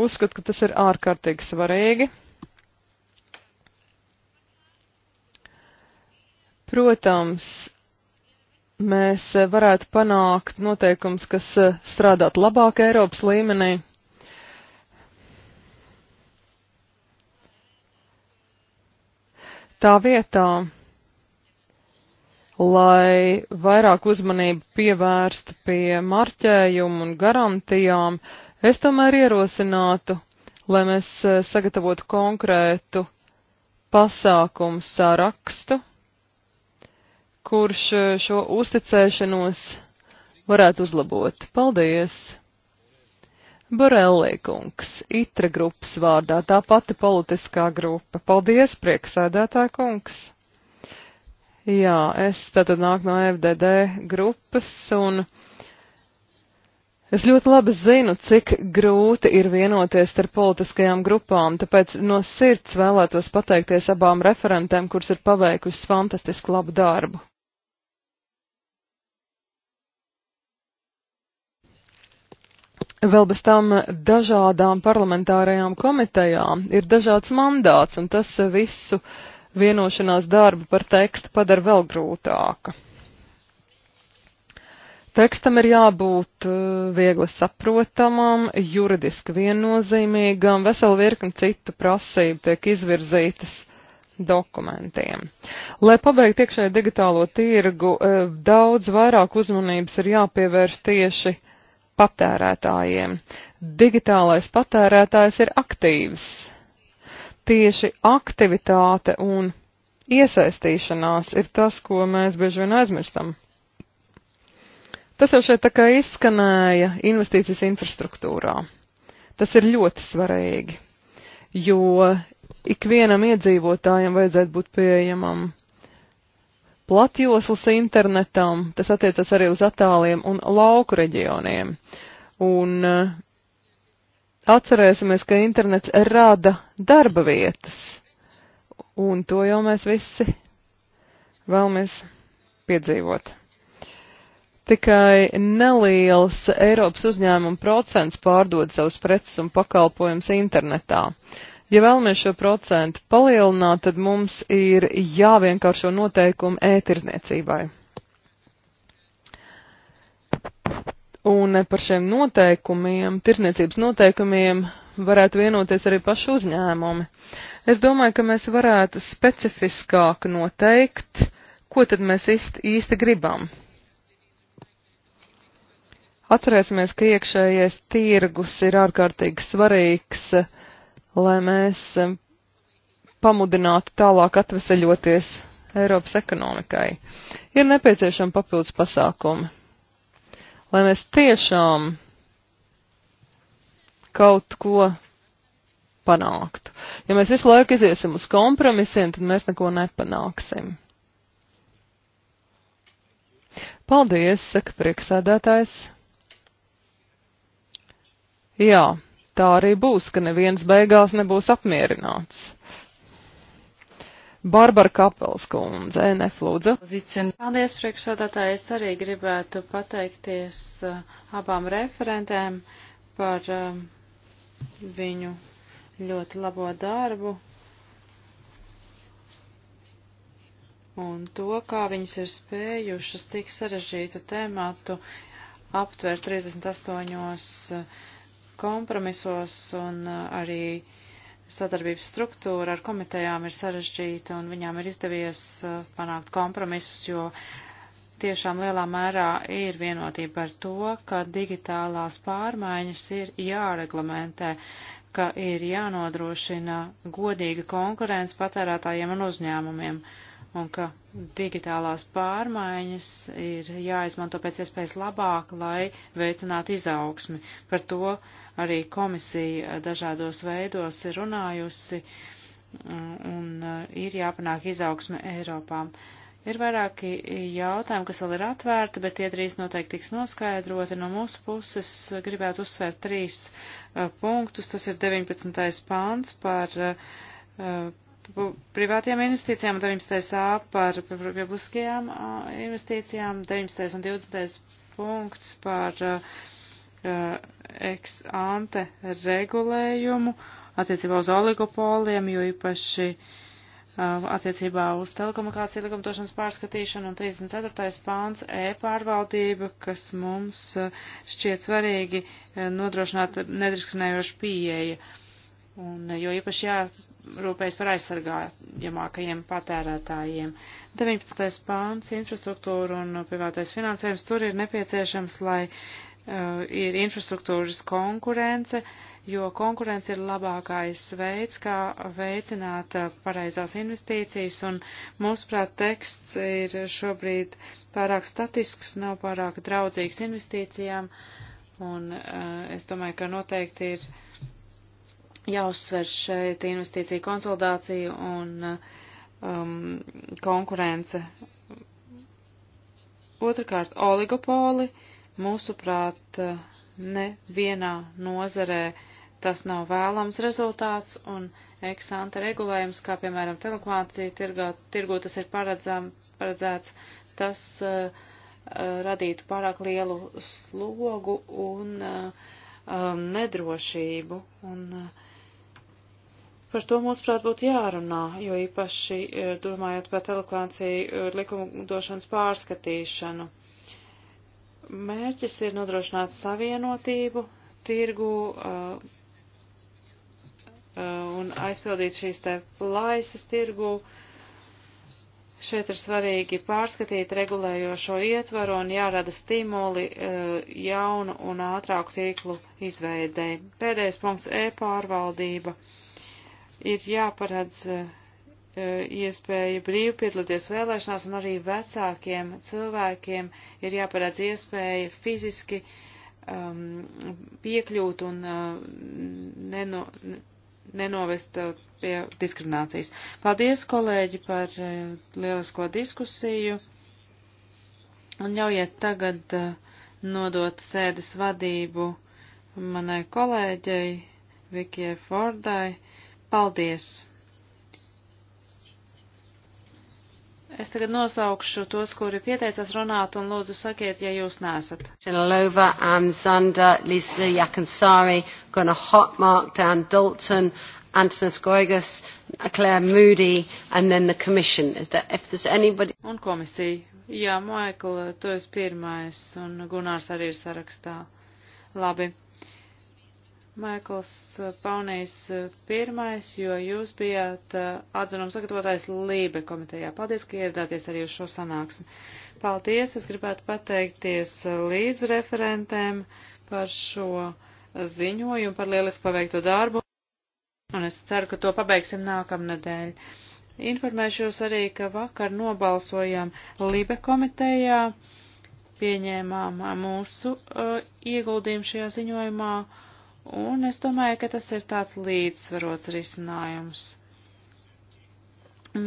Uzskatu, ka tas ir ārkārtīgi svarīgi. Protams, mēs varētu panākt noteikums, kas strādāt labāk Eiropas līmenī. Tā vietā, lai vairāk uzmanību pievērstu pie marķējumu un garantijām, Es tomēr ierosinātu, lai mēs e, sagatavotu konkrētu pasākumu sārakstu, kurš e, šo uzticēšanos varētu uzlabot. Paldies! Borelli kungs, itra grupas vārdā, tā pati politiskā grupa. Paldies, prieksēdētāja kungs! Jā, es tātad nāku no FDD grupas un. Es ļoti labi zinu, cik grūti ir vienoties ar politiskajām grupām, tāpēc no sirds vēlētos pateikties abām referentēm, kuras ir paveikusi fantastisku labu darbu. Vēl bez tam dažādām parlamentārajām komitejām ir dažāds mandāts, un tas visu vienošanās darbu par tekstu padara vēl grūtāka. Tekstam ir jābūt eh, viegli saprotamam, juridiski viennozīmīgam, veseli virkni citu prasību tiek izvirzītas dokumentiem. Lai pabeigtu iekšējo digitālo tirgu, eh, daudz vairāk uzmanības ir jāpievērš tieši patērētājiem. Digitālais patērētājs ir aktīvs. Tieši aktivitāte un iesaistīšanās ir tas, ko mēs bieži vien aizmirstam Tas jau šeit tā kā izskanēja investīcijas infrastruktūrā. Tas ir ļoti svarīgi, jo ikvienam iedzīvotājam vajadzētu būt pieejamam platjoslas internetam, tas attiecas arī uz attāliem un lauku reģioniem. Un eh, atcerēsimies, ka internets rada darba vietas, un to jau mēs visi vēlamies piedzīvot. Tikai neliels Eiropas uzņēmumu procents pārdod savus preces un pakalpojumus internetā. Ja vēlamies šo procentu palielināt, tad mums ir jāvienkāršo noteikumu ētirdzniecībai. Un par šiem noteikumiem, tirzniecības noteikumiem, varētu vienoties arī paši uzņēmumi. Es domāju, ka mēs varētu specifiskāk noteikt, ko tad mēs īsti, īsti gribam. Atcerēsimies, ka iekšējais tirgus ir ārkārtīgi svarīgs, lai mēs um, pamudinātu tālāk atveseļoties Eiropas ekonomikai. Ir nepieciešama papildus pasākumi, lai mēs tiešām kaut ko panāktu. Ja mēs visu laiku iziesim uz kompromisiem, tad mēs neko nepanāksim. Paldies, saka prieksēdētājs. Jā, tā arī būs, ka neviens beigās nebūs apmierināts. Barbara Kapels kundze, NF lūdzu. Paldies, priekšsādātāji. Es arī gribētu pateikties uh, abām referentēm par um, viņu ļoti labo darbu un to, kā viņas ir spējušas tik sarežģītu tēmātu aptvērt 38 kompromisos un uh, arī sadarbības struktūra ar komitejām ir sarežģīta un viņām ir izdevies uh, panākt kompromisus, jo tiešām lielā mērā ir vienotība par to, ka digitālās pārmaiņas ir jāreglamentē, ka ir jānodrošina godīga konkurence patērētājiem un uzņēmumiem. Uh, un ka digitālās pārmaiņas ir jāizmanto pēc iespējas labāk, lai veicinātu izaugsmi. Par to arī komisija dažādos veidos ir runājusi un uh, ir jāpanāk izaugsme Eiropām. Ir vairāki jautājumi, kas vēl ir atvērti, bet tie drīz noteikti tiks noskaidroti. No mūsu puses gribētu uzsvērt trīs uh, punktus. Tas ir 19. pāns par uh, privātajām investīcijām, 19. A par publiskajām investīcijām, 19. un 20. punkts par ex ante regulējumu attiecībā uz oligopoliem, jo īpaši attiecībā uz telekomunikāciju likumdošanas pārskatīšanu un 34. pāns e-pārvaldība, kas mums šķiet svarīgi nodrošināt nedriskrinējošu pieeju un jo īpaši jārūpējas par aizsargājamākajiem patērētājiem. 19. pāns - infrastruktūra un privātais finansējums. Tur ir nepieciešams, lai uh, ir infrastruktūras konkurence, jo konkurence ir labākais veids, kā veicināt uh, pareizās investīcijas, un mūsuprāt teksts ir šobrīd pārāk statisks, nav pārāk draudzīgs investīcijām, un uh, es domāju, ka noteikti ir jāuzsver šeit investīcija konsolidācija un um, konkurence. Otrakārt, oligopoli, mūsuprāt, nevienā nozarē tas nav vēlams rezultāts, un eksanta regulējums, kā piemēram telekomācija tirgā, tirgu tas ir paredzam, paredzēts, tas uh, uh, radītu pārāk lielu slogu un uh, um, nedrošību. Un, uh, Par to, mūsuprāt, būtu jārunā, jo īpaši eh, domājot par telekvāciju eh, likumdošanas pārskatīšanu. Mērķis ir nodrošināt savienotību, tirgu uh, un aizpildīt šīs te plaisas tirgu. Šeit ir svarīgi pārskatīt regulējošo ietvaru un jārada stimuli uh, jaunu un ātrāku tīklu izveidēji. Pēdējais punkts e - e-pārvaldība. Uh, ir jāparedz e, iespēja brīvi piedalīties vēlēšanās, un arī vecākiem cilvēkiem ir jāparedz iespēja fiziski um, piekļūt un uh, neno, nenovest uh, pie diskriminācijas. Paldies, kolēģi, par uh, lielisko diskusiju, un ļaujiet tagad uh, nodot sēdes vadību manai kolēģei Vikie Fordai Paldies! Es tagad nosaukšu tos, kuri pieteicās runāt, un lūdzu sakiet, ja jūs nesat. Chenalova, Ann Zander, Lisa Jakansari, Gunnar Hotmark, Dan Dalton, Antonis Goigas, Claire Moody, and then the Commission. If there's anybody... Un komisija. Jā, Maikl, tu esi pirmais, un Gunārs arī ir sarakstā. Labi. Maikls eh, Paunīs eh, pirmais, jo jūs bijāt eh, atzinuma sagatavotājs Lībe komitejā. Paldies, ka ieradāties arī uz šo sanāksmi. Paldies, es gribētu pateikties līdzreferentēm par šo ziņojumu, par lielisku paveikto darbu, un es ceru, ka to pabeigsim nākamnedēļ. Informēšu jūs arī, ka vakar nobalsojām Libe komitejā, pieņēmām mūsu uh, ieguldījumu šajā ziņojumā, Un es domāju, ka tas ir tāds līdzsvarots risinājums.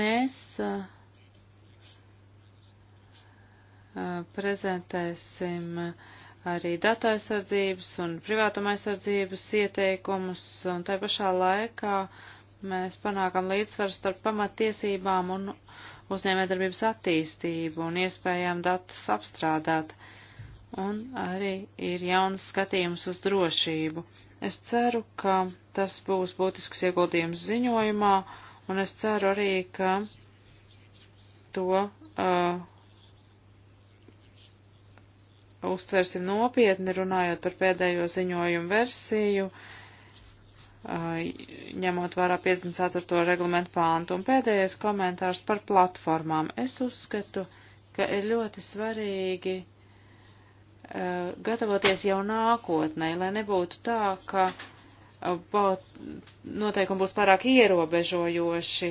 Mēs uh, prezentēsim arī datu aizsardzības un privātuma aizsardzības ieteikumus, un tai pašā laikā mēs panākam līdzsvaru starp pamatiesībām un uzņēmējdarbības attīstību un iespējām datus apstrādāt. Un arī ir jauns skatījums uz drošību. Es ceru, ka tas būs būtisks ieguldījums ziņojumā, un es ceru arī, ka to uh, uztversim nopietni, runājot par pēdējo ziņojumu versiju, uh, ņemot vērā 54. reglamentu pāntu. Un pēdējais komentārs par platformām. Es uzskatu, ka ir ļoti svarīgi Eh, gatavoties jau nākotnē, lai nebūtu tā, ka eh, noteikumi būs pārāk ierobežojoši.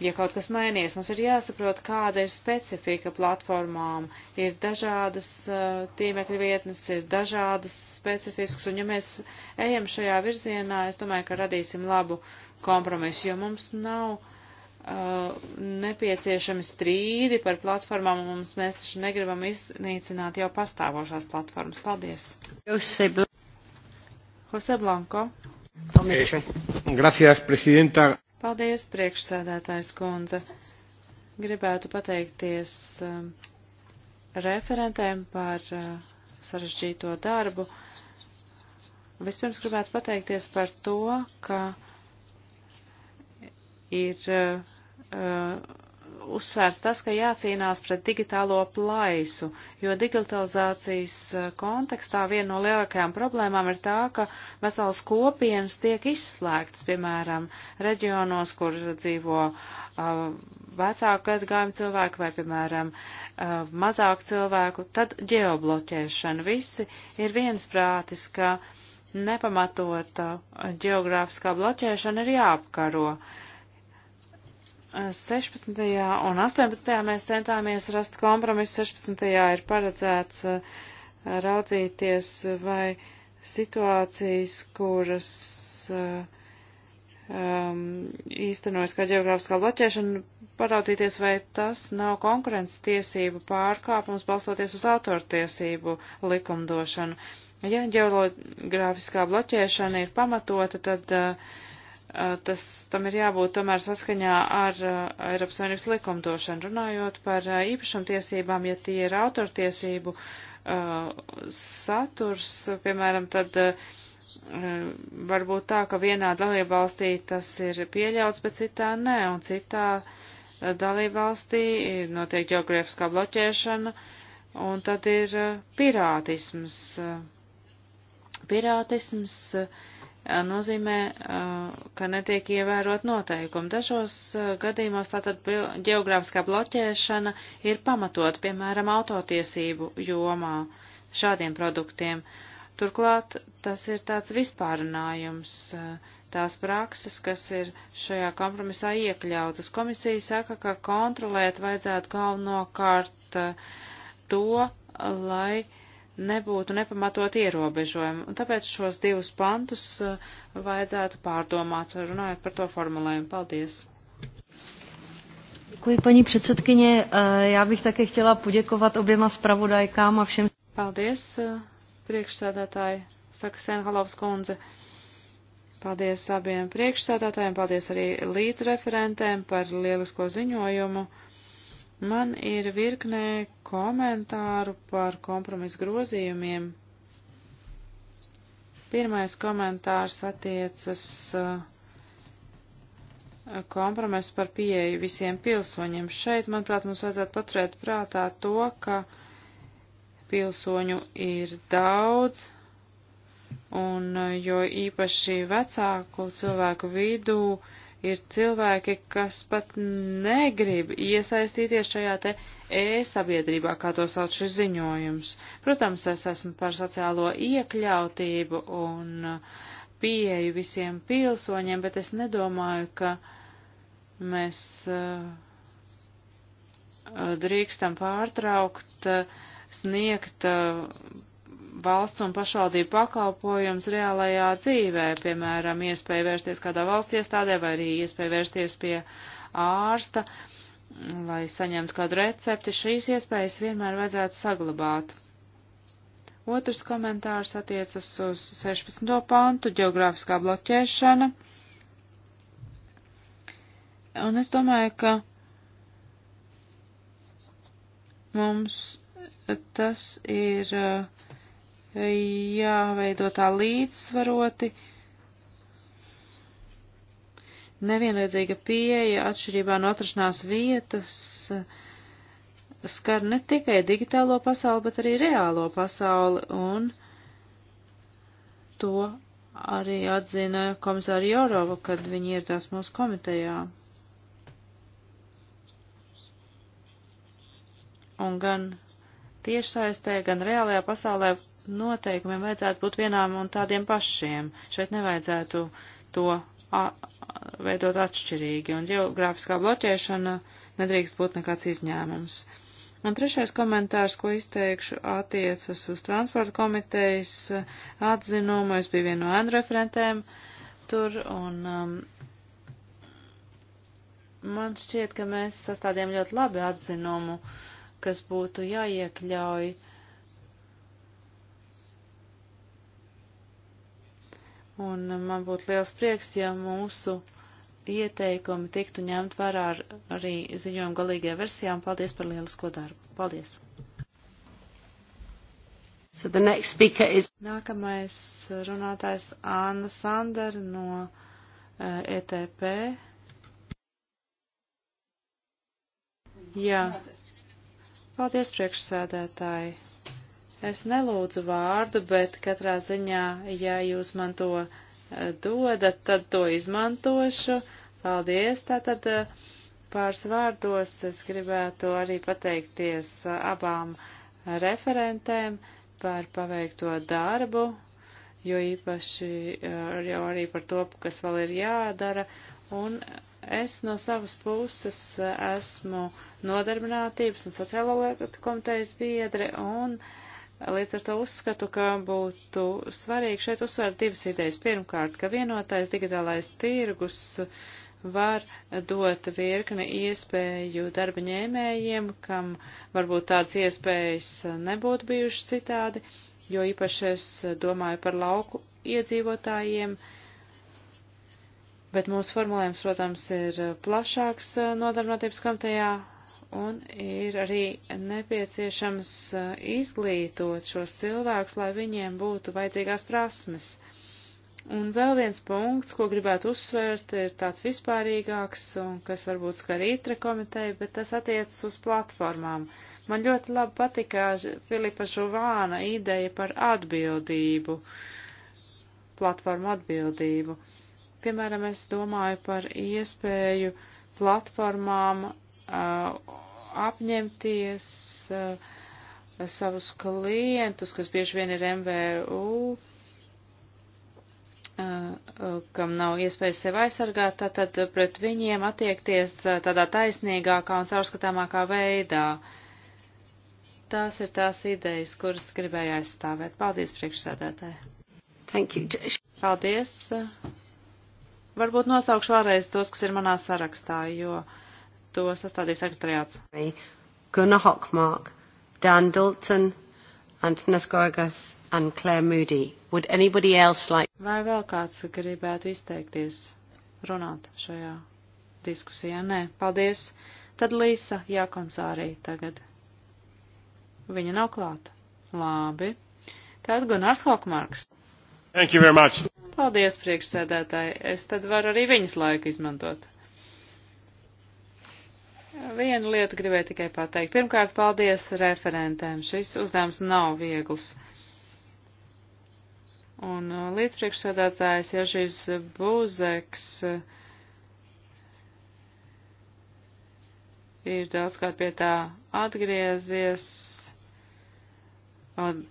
Ja kaut kas mainies, mums ir jāsaprot, kāda ir specifika platformām. Ir dažādas uh, tīmekļa vietnes, ir dažādas specifiskas, un ja mēs ejam šajā virzienā, es domāju, ka radīsim labu kompromisu, jo mums nav Uh, nepieciešami strīdi par platformām, un mums mēs taču negribam iznīcināt jau pastāvošās platformas. Paldies! Jose Blanco. Tomiče. Eh, gracias, presidenta. Paldies, priekšsēdētājs kundze. Gribētu pateikties uh, referentēm par uh, sarežģīto darbu. Vispirms gribētu pateikties par to, ka uh, ir uh, uzsvērts tas, ka jācīnās pret digitālo plaisu, jo digitalizācijas uh, kontekstā viena no lielākajām problēmām ir tā, ka vesels kopienas tiek izslēgts, piemēram, reģionos, kur dzīvo uh, vecāku gadgājumu cilvēku vai, piemēram, uh, mazāku cilvēku, tad ģeobloķēšana. Visi ir viensprātis, ka nepamatota ģeogrāfiskā uh, bloķēšana ir jāapkaro. Uh, 16. un 18. mēs centāmies rast kompromisu. 16. ir paredzēts eh, raudzīties vai situācijas, kuras eh, um, īstenojas kā geogrāfiskā bloķēšana, paraudzīties, vai tas nav konkurences tiesību pārkāpums balstoties uz autortiesību likumdošanu. Ja geogrāfiskā bloķēšana ir pamatota, tad uh, Eh, tas tam ir jābūt tomēr saskaņā ar eh, Eiropas Savienības likumdošanu. Runājot par eh, īpašam tiesībām, ja tie ir autortiesību saturs, piemēram, tad varbūt tā, ka vienā dalībvalstī tas ir pieļauts, bet citā nē, un citā dalībvalstī notiek geogrāfiskā bloķēšana, un tad ir pirātisms. Pirātisms uh, nozīmē, ka netiek ievērot noteikumi. Dažos gadījumos tātad geogrāfiskā bloķēšana ir pamatot, piemēram, autotiesību jomā šādiem produktiem. Turklāt tas ir tāds vispārinājums, tās prakses, kas ir šajā kompromisā iekļautas. Komisija saka, ka kontrolēt vajadzētu galvenokārt to, lai uh, nebūtu nepamatot ierobežojumi. Un tāpēc šos divus pantus eh, vajadzētu pārdomāt, runājot par to formulējumu. Paldies! Děkuji, paní předsedkyně. Eh, já bych také chtěla poděkovat oběma zpravodajkám a všem. Paldies, eh, priekšsēdētāji, saka Senhalovs kundze. Paldies abiem priekšsēdētājiem, paldies arī līdzreferentēm par lielisko ziņojumu. Man ir virknē komentāru par kompromisu grozījumiem. Pirmais komentārs attiecas uh, kompromisu par pieeju visiem pilsoņiem. Šeit, manuprāt, mums vajadzētu paturēt prātā to, ka pilsoņu ir daudz, un uh, jo īpaši vecāku cilvēku vidū, uh, ir cilvēki, kas pat negrib iesaistīties šajā te e-sabiedrībā, kā to sauc šis ziņojums. Protams, es esmu par sociālo iekļautību un pieeju visiem pilsoņiem, bet es nedomāju, ka mēs eh, drīkstam pārtraukt eh, sniegt eh, valsts un pašvaldību pakalpojums reālajā dzīvē, piemēram, iespēja vērsties kādā valsts iestādē vai arī iespēja vērsties pie ārsta, lai saņemtu kādu recepti, šīs iespējas vienmēr vajadzētu saglabāt. Otrs komentārs attiecas uz 16. pantu - geogrāfiskā bloķēšana. Un es domāju, ka mums tas ir uh, jāveido tā līdzsvaroti. Nevienlīdzīga pieeja atšķirībā no atrašanās vietas skar ne tikai digitālo pasauli, bet arī reālo pasauli, un to arī atzina komisāra Jorova, kad viņi ieradās mūsu komitejā. Un gan tiešsaistē, gan reālajā pasaulē noteikumiem vajadzētu būt vienām un tādiem pašiem. Šeit nevajadzētu to veidot atšķirīgi, un geogrāfiskā bloķēšana nedrīkst būt nekāds izņēmums. Un trešais komentārs, ko izteikšu, attiecas uz transporta komitejas atzinumu. Es biju viena no ēnu referentēm tur, un um, man šķiet, ka mēs sastādījām ļoti labi atzinumu, kas būtu jāiekļauj uh, Un man būtu liels prieks, ja mūsu ieteikumi tiktu ņemt vērā ar, arī ziņojuma galīgajā versijā. Un paldies par lielisko darbu. Paldies! So the next speaker is... Nākamais runātājs Anna Sander no uh, eh, ETP. Jā. Paldies, priekšsēdētāji. Es nelūdzu vārdu, bet katrā ziņā, ja jūs man to eh, dodat, tad to izmantošu. Paldies! Tātad eh, pāris vārdos es gribētu arī pateikties eh, abām referentēm par paveikto darbu, jo īpaši jau arī par to, kas vēl ir jādara. Un es no savas puses esmu nodarbinātības un sociālo lietu komitejas biedre un uh, Līdz ar to uzskatu, ka būtu svarīgi šeit uzsvērt divas idejas. Pirmkārt, ka vienotais digitālais tirgus var dot virkni iespēju darba ņēmējiem, kam varbūt tādas iespējas nebūtu bijušas citādi, jo īpaši es domāju par lauku iedzīvotājiem, bet mūsu formulējums, protams, ir plašāks nodarbinātības komitejā, un ir arī nepieciešams eh, izglītot šos cilvēkus, lai viņiem būtu vajadzīgās prasmes. Un vēl viens punkts, ko gribētu uzsvērt, ir tāds vispārīgāks un kas varbūt skar ītra komiteju, bet tas attiecas uz platformām. Man ļoti labi patika Filipa Žuvāna ideja par atbildību, platformu atbildību. Piemēram, es domāju par iespēju platformām Uh, apņemties uh, savus klientus, kas bieži vien ir MVU, uh, kam nav iespējas sevi aizsargāt, tad, tad pret viņiem attiekties tādā taisnīgākā un caurskatāmākā veidā. Tās ir tās idejas, kuras gribēju aizstāvēt. Paldies, priekšsēdētāji! Thank you. Paldies! Varbūt nosaukšu vēlreiz tos, kas ir manā sarakstā, jo to sastādīja sekretariāts. Gunnar Hockmark, Dan Dalton, Antonas Gorgas and Claire Moody. Would anybody else like... Vai vēl kāds gribētu izteikties, runāt šajā diskusijā? Nē, paldies. Tad Līsa Jākonsārī tagad. Viņa nav klāta. Labi. Tad Gunārs Hokmarks. Thank you very much. Paldies, priekšsēdētāji. Es tad varu arī viņas laiku izmantot. Vienu lietu gribēju tikai pateikt. Pirmkārt, paldies referentēm. Šis uzdevums nav viegls. Un uh, līdzpriekšsēdētājs Ježis Buzeks uh, ir daudzkārt pie tā atgriezies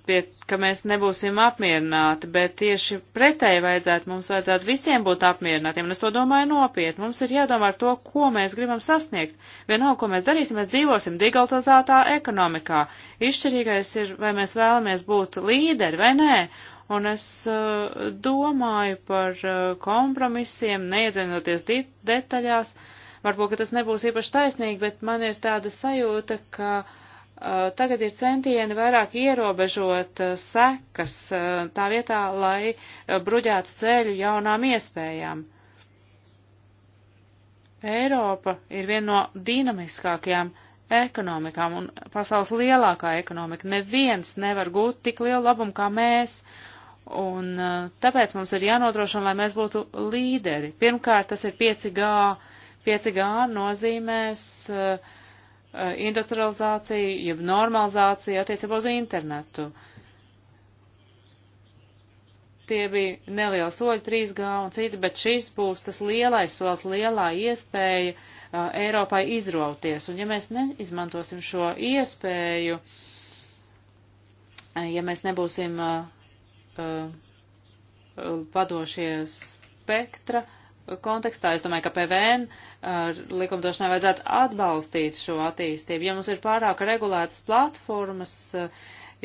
pie, ka mēs nebūsim apmierināti, bet tieši pretēji vajadzētu, mums vajadzētu visiem būt apmierinātiem, un es to domāju nopietni. Mums ir jādomā ar to, ko mēs gribam sasniegt. Vienalga, ko mēs darīsim, mēs dzīvosim digitalizētā ekonomikā. Izšķirīgais ir, vai mēs vēlamies būt līderi vai nē. Un es uh, domāju par uh, kompromisiem, neiedzinoties detaļās. Varbūt, ka tas nebūs īpaši taisnīgi, bet man ir tāda sajūta, ka uh, Eh, tagad ir centieni vairāk ierobežot eh, sekas eh, tā vietā, lai bruģētu ceļu jaunām iespējām. Eiropa ir viena no dinamiskākajām ekonomikām un pasaules lielākā ekonomika. Neviens nevar gūt tik lielu labumu kā mēs, un tāpēc mums ir jānodrošina, lai mēs būtu līderi. Pirmkārt, tas ir 5G. 5G nozīmēs uh, Eh, industrializāciju, jeb normalizāciju attiecībā uz internetu. Tie bija nelieli soļi 3G un citi, bet šis būs tas lielais solis, lielā iespēja uh, Eiropai izrauties. Un ja mēs neizmantosim šo iespēju, eh, ja mēs nebūsim uh, uh, padošie spektra kontekstā es domāju, ka PVN likumdošanai vajadzētu atbalstīt šo attīstību. Ja mums ir pārāk regulētas platformas,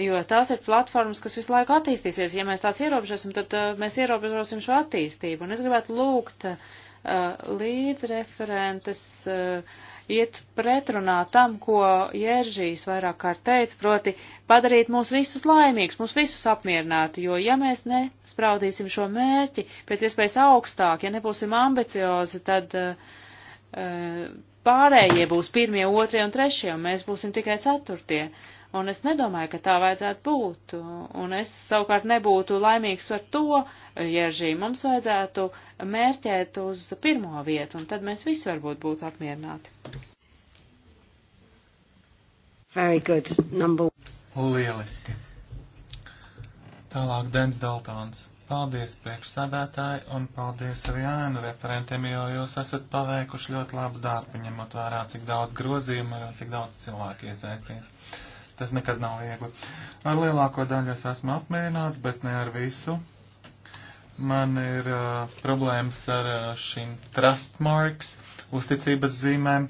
jo tās ir platformas, kas visu laiku attīstīsies, ja mēs tās ierobežosim, tad uh, mēs ierobežosim šo attīstību. Un es gribētu lūgt uh, līdz referentes uh, iet pretrunā tam, ko Jēržīs vairāk kārt teica, proti padarīt mūs visus laimīgus, mūs visus apmierināti, jo ja mēs nespraudīsim šo mērķi pēc iespējas augstāk, ja nebūsim ambiciozi, tad uh, pārējie būs pirmie, otrie un trešie, un mēs būsim tikai ceturtie. Uh, Un es nedomāju, ka tā vajadzētu būt. Un es savukārt nebūtu laimīgs ar to, Jeržī, mums vajadzētu mērķēt uz pirmo vietu, un tad mēs visi varbūt būtu apmierināti. Very good, number. Lieliski. Tālāk Dens Daltons. Paldies priekšsādātāji un paldies arī ēnu referentiem, jo jūs esat paveikuši ļoti labu darbu, ņemot vērā, cik daudz grozījumu un cik daudz cilvēku iesaistīts. Tas nekad nav viegli. Ar lielāko daļu es esmu apmierināts, bet ne ar visu. Man ir uh, problēmas ar uh, šīm trustmarks, uzticības zīmēm,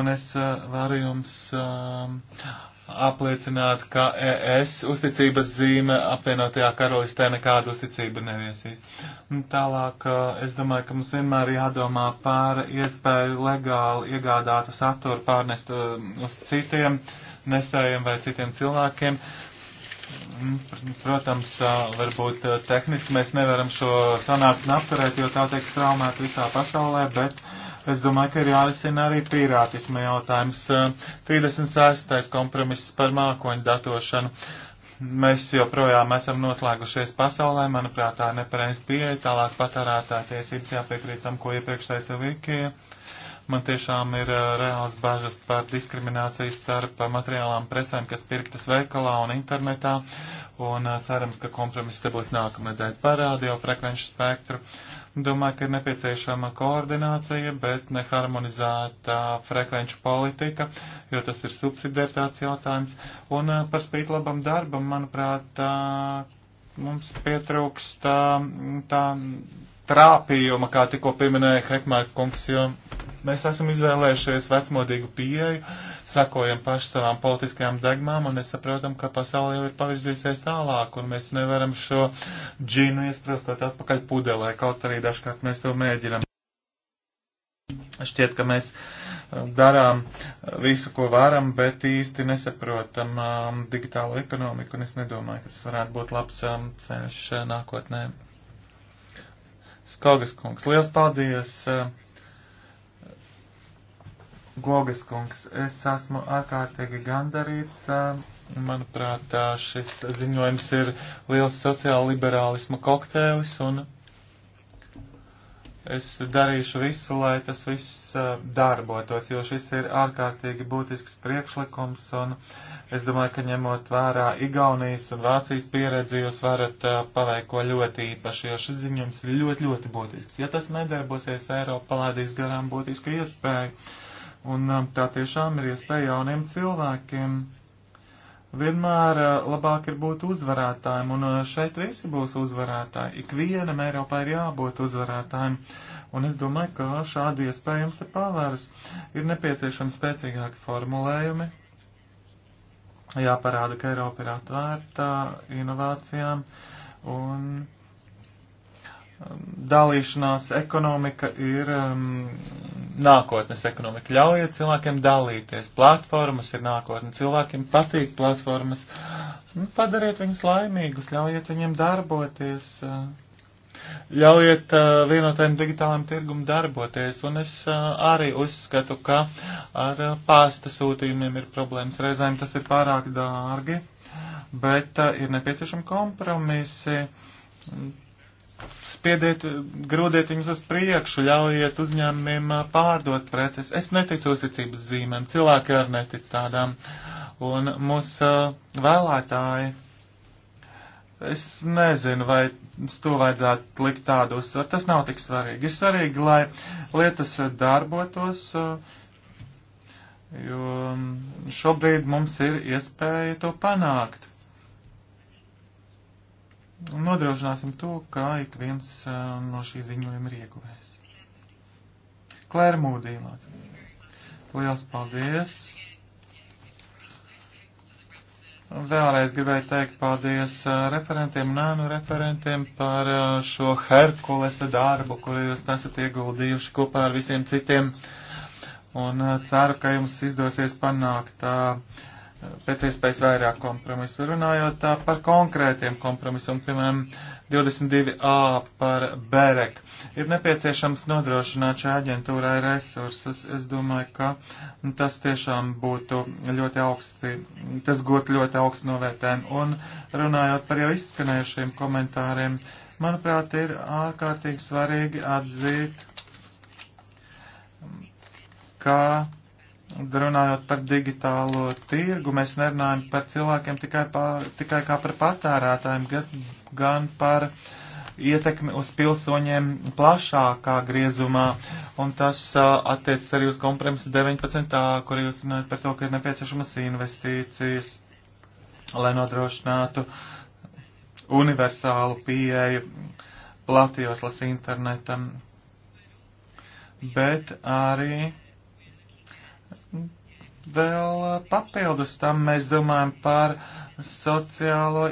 un es uh, varu jums uh, apliecināt, ka ES uzticības zīme apvienotajā karalistē nekādu uzticību neviesīs. Un tālāk, es domāju, ka mums vienmēr jādomā par iespēju legāli iegādātu saturu pārnest uz citiem nesējiem vai citiem cilvēkiem. Protams, varbūt tehniski mēs nevaram šo sanāksmi apturēt, jo tā tiek straumēta visā pasaulē, bet Es domāju, ka ir jārisina arī pirātisma jautājums. 36. kompromiss par mākoņu datošanu. Mēs joprojām esam noslēgušies pasaulē, manuprāt, tā ir nepareiz pieeja, tālāk patērētā tiesības jāpiekrīt tam, ko iepriekš teica Vikija. Man tiešām ir reāls bažas par diskrimināciju starp materiālām precēm, kas pirktas veikalā un internetā, un cerams, ka kompromiss te būs nākamnedēļ par radio frekvenču spektru. Uh, Domāju, ka ir nepieciešama koordinācija, bet ne harmonizēta frekvenču politika, jo tas ir subsidiaritāts jautājums. Un eh, par spīt labam darbam, manuprāt, eh, mums pietrūkst eh, tā, tā trāpījuma, kā tikko pieminēja Hekmārka kungs, jo mēs esam izvēlējušies vecmodīgu pieeju, sakojam paši savām politiskajām degmām un nesaprotam, ka pasaule jau ir pavirzījusies tālāk un mēs nevaram šo džinu iesprastot atpakaļ pudelē, kaut arī dažkārt mēs to mēģinam. Šķiet, ka mēs uh, darām uh, visu, ko varam, bet īsti nesaprotam um, digitālo ekonomiku, un es nedomāju, ka tas varētu būt labs um, ceļš uh, nākotnē. Skogas kungs, liels paldies! Eh, Gogas kungs, es esmu ārkārtīgi gandarīts. Eh, manuprāt, eh, šis ziņojums ir liels sociāla liberālisma kokteilis un Es darīšu visu, lai tas viss darbotos, jo šis ir ārkārtīgi būtisks priekšlikums, un es domāju, ka ņemot vērā Igaunijas un Vācijas pieredzi, jūs varat paveikt ko ļoti īpaši, jo šis ziņums ir ļoti, ļoti būtisks. Ja tas nedarbosies, Eiropa palaidīs garām būtisku iespēju, un tā tiešām ir iespēja jauniem cilvēkiem Vienmēr eh, labāk ir būt uzvarētājiem, un eh, šeit visi būs uzvarētāji. Ikvienam Eiropā ir jābūt uzvarētājiem, un es domāju, ka šādi iespēja jums ir pavērs. Ir nepieciešami spēcīgāki formulējumi, jāparāda, ka Eiropa ir atvērta inovācijām, un Um, dalīšanās ekonomika ir um, nākotnes ekonomika. Ļaujiet cilvēkiem dalīties. Platformas ir nākotne. Cilvēkiem patīk platformas. Nu, padariet viņus laimīgus, ļaujiet viņiem darboties. Uh, ļaujiet uh, vienotajam digitālajam tirgum darboties. Un es uh, arī uzskatu, ka ar uh, pāsta sūtījumiem ir problēmas. Reizēm tas ir pārāk dārgi, bet uh, ir nepieciešami kompromisi. Uh, spiediet, grūdiet viņus uz priekšu, ļaujiet uzņēmumiem pārdot preces. Es neticu uzticības zīmēm, cilvēki arī netic tādām. Un mūsu vēlētāji, es nezinu, vai to vajadzētu likt tādu uzsvaru, tas nav tik svarīgi. Ir svarīgi, lai lietas darbotos, jo šobrīd mums ir iespēja to panākt nodrošināsim to, ka ik viens no šī ziņojuma ir ieguvējis. Klēra Mūdīlāts. Liels paldies! Vēlreiz gribēju teikt paldies referentiem, nānu referentiem par šo Herkulesa darbu, kuru jūs esat ieguldījuši kopā ar visiem citiem. Un ceru, ka jums izdosies panākt uh, pēc iespējas vairāk kompromisu. Runājot par konkrētiem kompromisiem, piemēram, 22a par BEREK, ir nepieciešams nodrošināt šai aģentūrai resursus. Es domāju, ka tas tiešām būtu ļoti augsti, tas gūtu ļoti augstu novērtējumu. Un runājot par jau izskanējušiem komentāriem, manuprāt, ir ārkārtīgi svarīgi atzīt, ka runājot par digitālo tirgu, mēs nerunājam par cilvēkiem tikai, pa, tikai kā par patērētājiem, gan, gan par ietekmi uz pilsoņiem plašākā griezumā. Un tas uh, attiecas arī uz kompromisu 19, kur jūs runājat par to, ka ir nepieciešamas investīcijas, lai nodrošinātu universālu pieeju platījoslas internetam. Bet arī Vēl papildus tam mēs domājam par sociālo,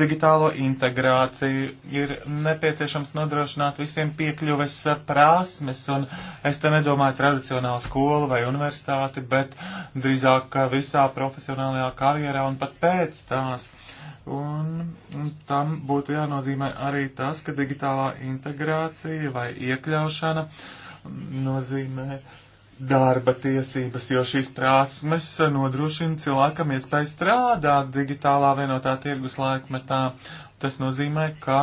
digitālo integrāciju. Ir nepieciešams nodrošināt visiem piekļuves prasmes, un es te nedomāju tradicionālu skolu vai universitāti, bet drīzāk visā profesionālajā karjerā un pat pēc tās. Un, un tam būtu jānozīmē arī tas, ka digitālā integrācija vai iekļaušana nozīmē uh, darba tiesības, jo šīs prasmes nodrošina cilvēkam iespēju strādāt digitālā vienotā tirgus laikmetā. Tas nozīmē, ka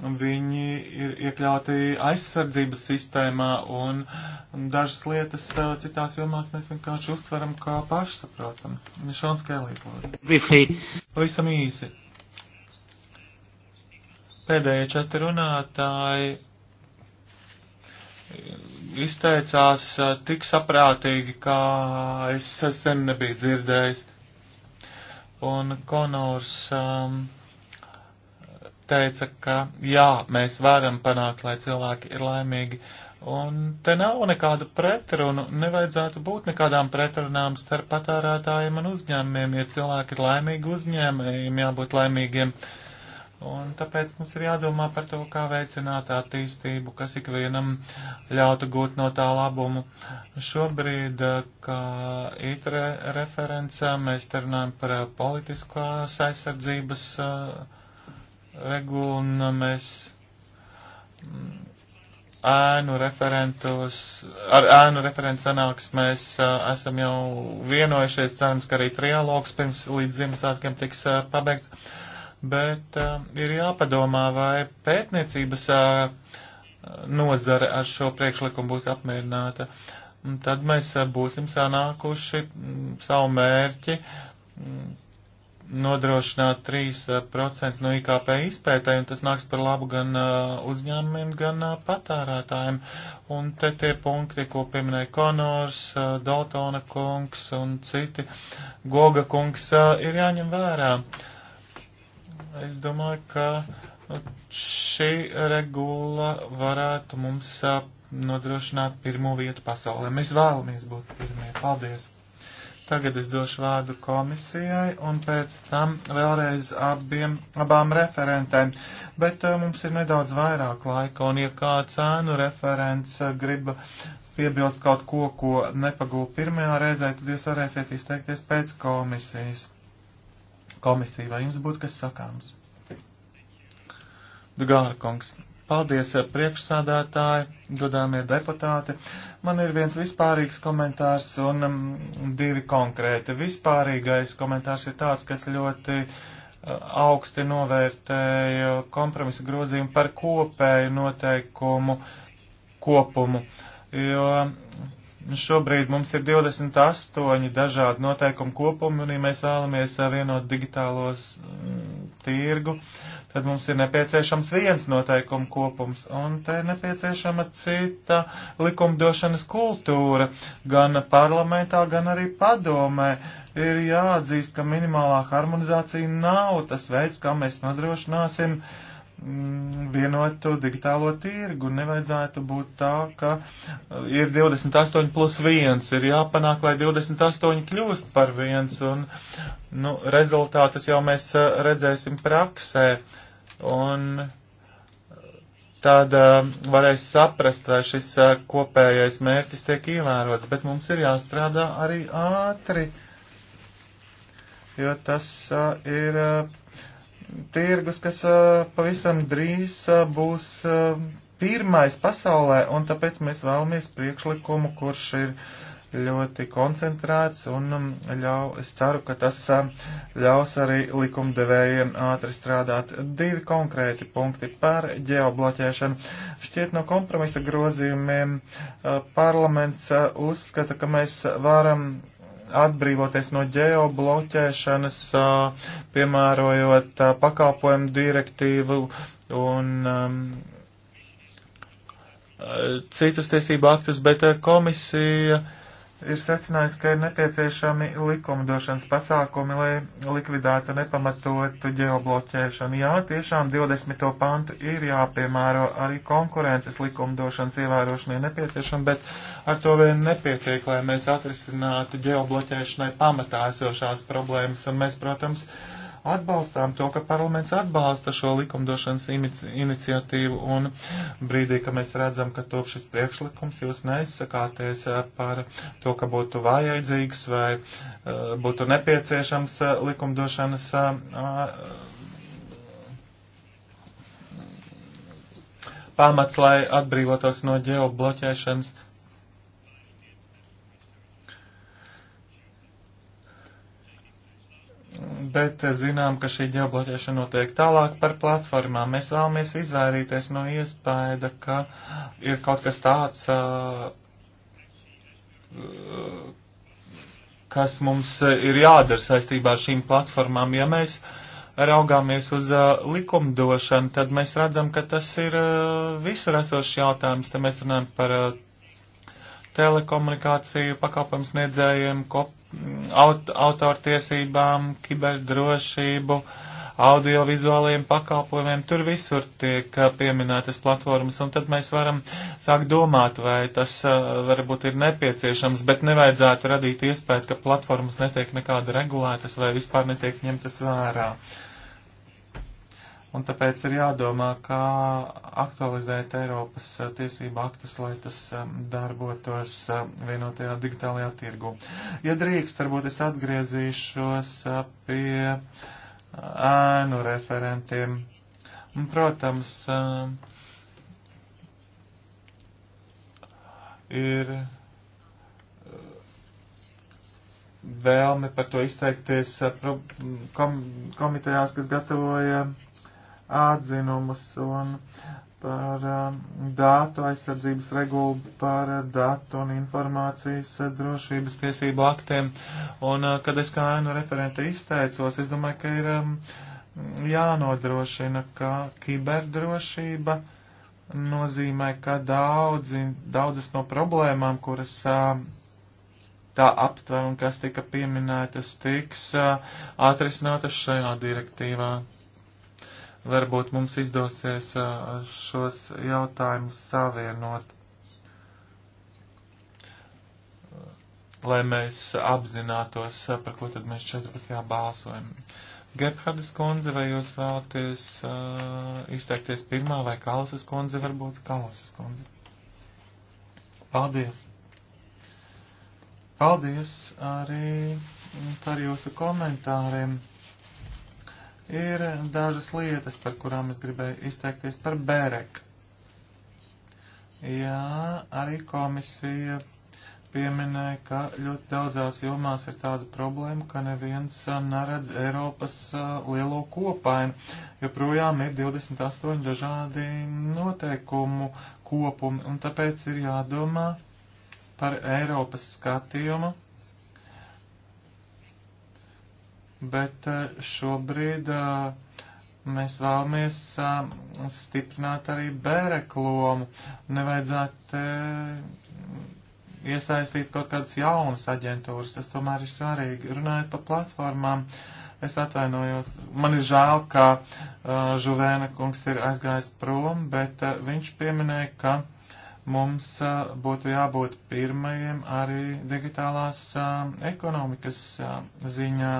viņi ir iekļauti aizsardzības sistēmā un dažas lietas eh, citās jomās mēs vienkārši uztveram kā pašsaprotams. Šons Kēlīs, lūdzu. Pavisam īsi. Pēdējie četri runātāji izteicās eh, tik saprātīgi, kā es sen nebiju dzirdējis. Un Konors um, teica, ka jā, mēs varam panākt, lai cilvēki ir laimīgi. Un te nav nekādu pretrunu, nevajadzētu būt nekādām pretrunām starp patērētājiem un uzņēmumiem. Ja cilvēki ir laimīgi, uzņēmējiem jābūt laimīgiem. Uh, Un tāpēc mums ir jādomā par to, kā veicināt attīstību, kas ikvienam ļautu gūt no tā labumu. Šobrīd, eh, kā itre referencē, mēs te runājam par eh, politiskās aizsardzības eh, regulu, un mēs mm, ēnu referentos, ar ēnu referents sanāksmēs esam jau vienojušies, cerams, ka arī trialogs pirms līdz Ziemassvētkiem tiks pabeigts bet uh, ir jāpadomā, vai pētniecības uh, nozare ar šo priekšlikumu būs apmierināta. Un tad mēs uh, būsim sanākuši m, mm, savu mērķi m, mm, nodrošināt 3% uh, no IKP izpētē, un tas nāks par labu gan uh, uzņēmumiem, gan uh, patērētājiem. Un te tie punkti, ko pieminēja Konors, uh, Daltona kungs un citi, Goga kungs, uh, ir jāņem vērā. Uh, Es domāju, ka šī regula varētu mums nodrošināt pirmo vietu pasaulē. Mēs vēlamies būt pirmie. Paldies! Tagad es došu vārdu komisijai un pēc tam vēlreiz abiem, abām referentēm. Bet uh, mums ir nedaudz vairāk laika un ja kā cēnu referents uh, grib piebilst kaut ko, ko nepagūp pirmajā reizē, tad jūs varēsiet izteikties pēc komisijas komisija, vai jums būtu kas sakāms? Dugāra kungs, paldies eh, priekšsādātāji, godāmie deputāti. Man ir viens vispārīgs komentārs un um, divi konkrēti. Vispārīgais komentārs ir tāds, kas ļoti uh, augsti novērtēju kompromisa grozījumu par kopēju noteikumu kopumu, jo Nu, šobrīd mums ir 28 dažādi noteikumu kopumi, un ja mēs vēlamies eh, vienot digitālos mm, tirgu, tad mums ir nepieciešams viens noteikumu kopums, un te ir nepieciešama cita likumdošanas kultūra, gan parlamentā, gan arī padomē. Ir jāatzīst, ka minimālā harmonizācija nav tas veids, kā mēs nodrošināsim uh, Mm, vienotu digitālo tirgu. Nevajadzētu būt tā, ka eh, ir 28 plus 1, ir jāpanāk, lai 28 kļūst par 1, un nu, rezultātus jau mēs eh, redzēsim praksē, un eh, tad varēs saprast, vai šis kopējais mērķis tiek ievērots, bet mums ir jāstrādā arī ātri, jo tas ir tirgus, kas pavisam drīz būs pirmais pasaulē, un tāpēc mēs vēlamies priekšlikumu, kurš ir ļoti koncentrēts, un um, ļau, es ceru, ka tas ļaus arī likumdevējiem ātri strādāt. Divi konkrēti punkti par ģeobloķēšanu. Šķiet no kompromisa grozījumiem parlaments uzskata, ka mēs varam atbrīvoties no ģeobloķēšanas, piemērojot pakalpojumu direktīvu un um, citus tiesību aktus, bet komisija uh, ir secinājis, ka ir nepieciešami likumdošanas pasākumi, lai likvidētu nepamatotu ģeobloķēšanu. Jā, tiešām 20. pantu ir jāpiemēro arī konkurences likumdošanas ievērošanai nepieciešama, bet ar to vien nepietiek, lai mēs atrisinātu ģeobloķēšanai pamatā esošās problēmas. Un mēs, protams, uh, atbalstām to, ka parlaments atbalsta šo likumdošanas iniciatīvu un brīdī, ka mēs redzam, ka top šis priekšlikums jūs neizsakāties eh, par to, ka būtu vajadzīgs vai eh, būtu nepieciešams eh, likumdošanas pamats, lai atbrīvotos no ģeobloķēšanas bet eh, zinām, ka šī ģeobloķēšana notiek tālāk par platformām. Mēs vēlamies izvairīties no iespēja, ka ir kaut kas tāds, eh, kas mums eh, ir jādara saistībā ar šīm platformām. Ja mēs raugāmies uz likumdošanu, tad mēs redzam, ka tas ir visur esošs jautājums. Te mēs runājam par telekomunikāciju pakalpojums niedzējiem, kop aut autortiesībām, kiberdrošību, audiovizuāliem pakalpojumiem. Tur visur tiek pieminētas platformas, un tad mēs varam sākt domāt, vai tas varbūt ir nepieciešams, bet nevajadzētu radīt iespēju, ka platformas netiek nekāda regulētas vai vispār netiek ņemtas vērā. Uh, Un tāpēc ir jādomā, kā aktualizēt Eiropas eh, tiesību aktus, lai tas eh, darbotos eh, vienotajā digitālajā tirgu. Ja drīkst, varbūt es atgriezīšos pie ēnu referentiem. Un, protams, ir vēlme par to izteikties kom komitejās, kas gatavoja atzinumus un par um, datu aizsardzības regulu, par datu un informācijas drošības tiesību aktiem. Un, uh, kad es kā ēnu referente izteicos, es domāju, ka ir um, jānodrošina, ka kiberdrošība nozīmē, ka daudzi, daudzas no problēmām, kuras um, tā aptver un kas tika pieminētas, tiks uh, atrisinātas šajā direktīvā. Varbūt mums izdosies šos jautājumus savienot, lai mēs apzinātos, par ko tad mēs 14. balsojam. Gebhardas kundze, vai jūs vēlaties uh, izteikties pirmā vai Kalasas kundze, varbūt Kalasas kundze? Paldies! Paldies arī par jūsu komentāriem! ir dažas lietas, par kurām es gribēju izteikties par Bērek. Jā, arī komisija pieminēja, ka ļoti daudzās jomās ir tāda problēma, ka neviens neredz Eiropas lielo kopainu, jo projām ir 28 dažādi noteikumu kopumi, un tāpēc ir jādomā par Eiropas skatījumu bet eh, šobrīd eh, mēs vēlamies eh, stiprināt arī bēreklomu. Nevajadzētu iesaistīt kaut kādas jaunas aģentūras, tas tomēr ir svarīgi. Runājot par platformām, es atvainojos, man ir žēl, ka uh, Žuvēna kungs ir aizgājis prom, bet uh, viņš pieminēja, ka mums uh, būtu jābūt pirmajiem arī digitālās uh, ekonomikas uh, ziņā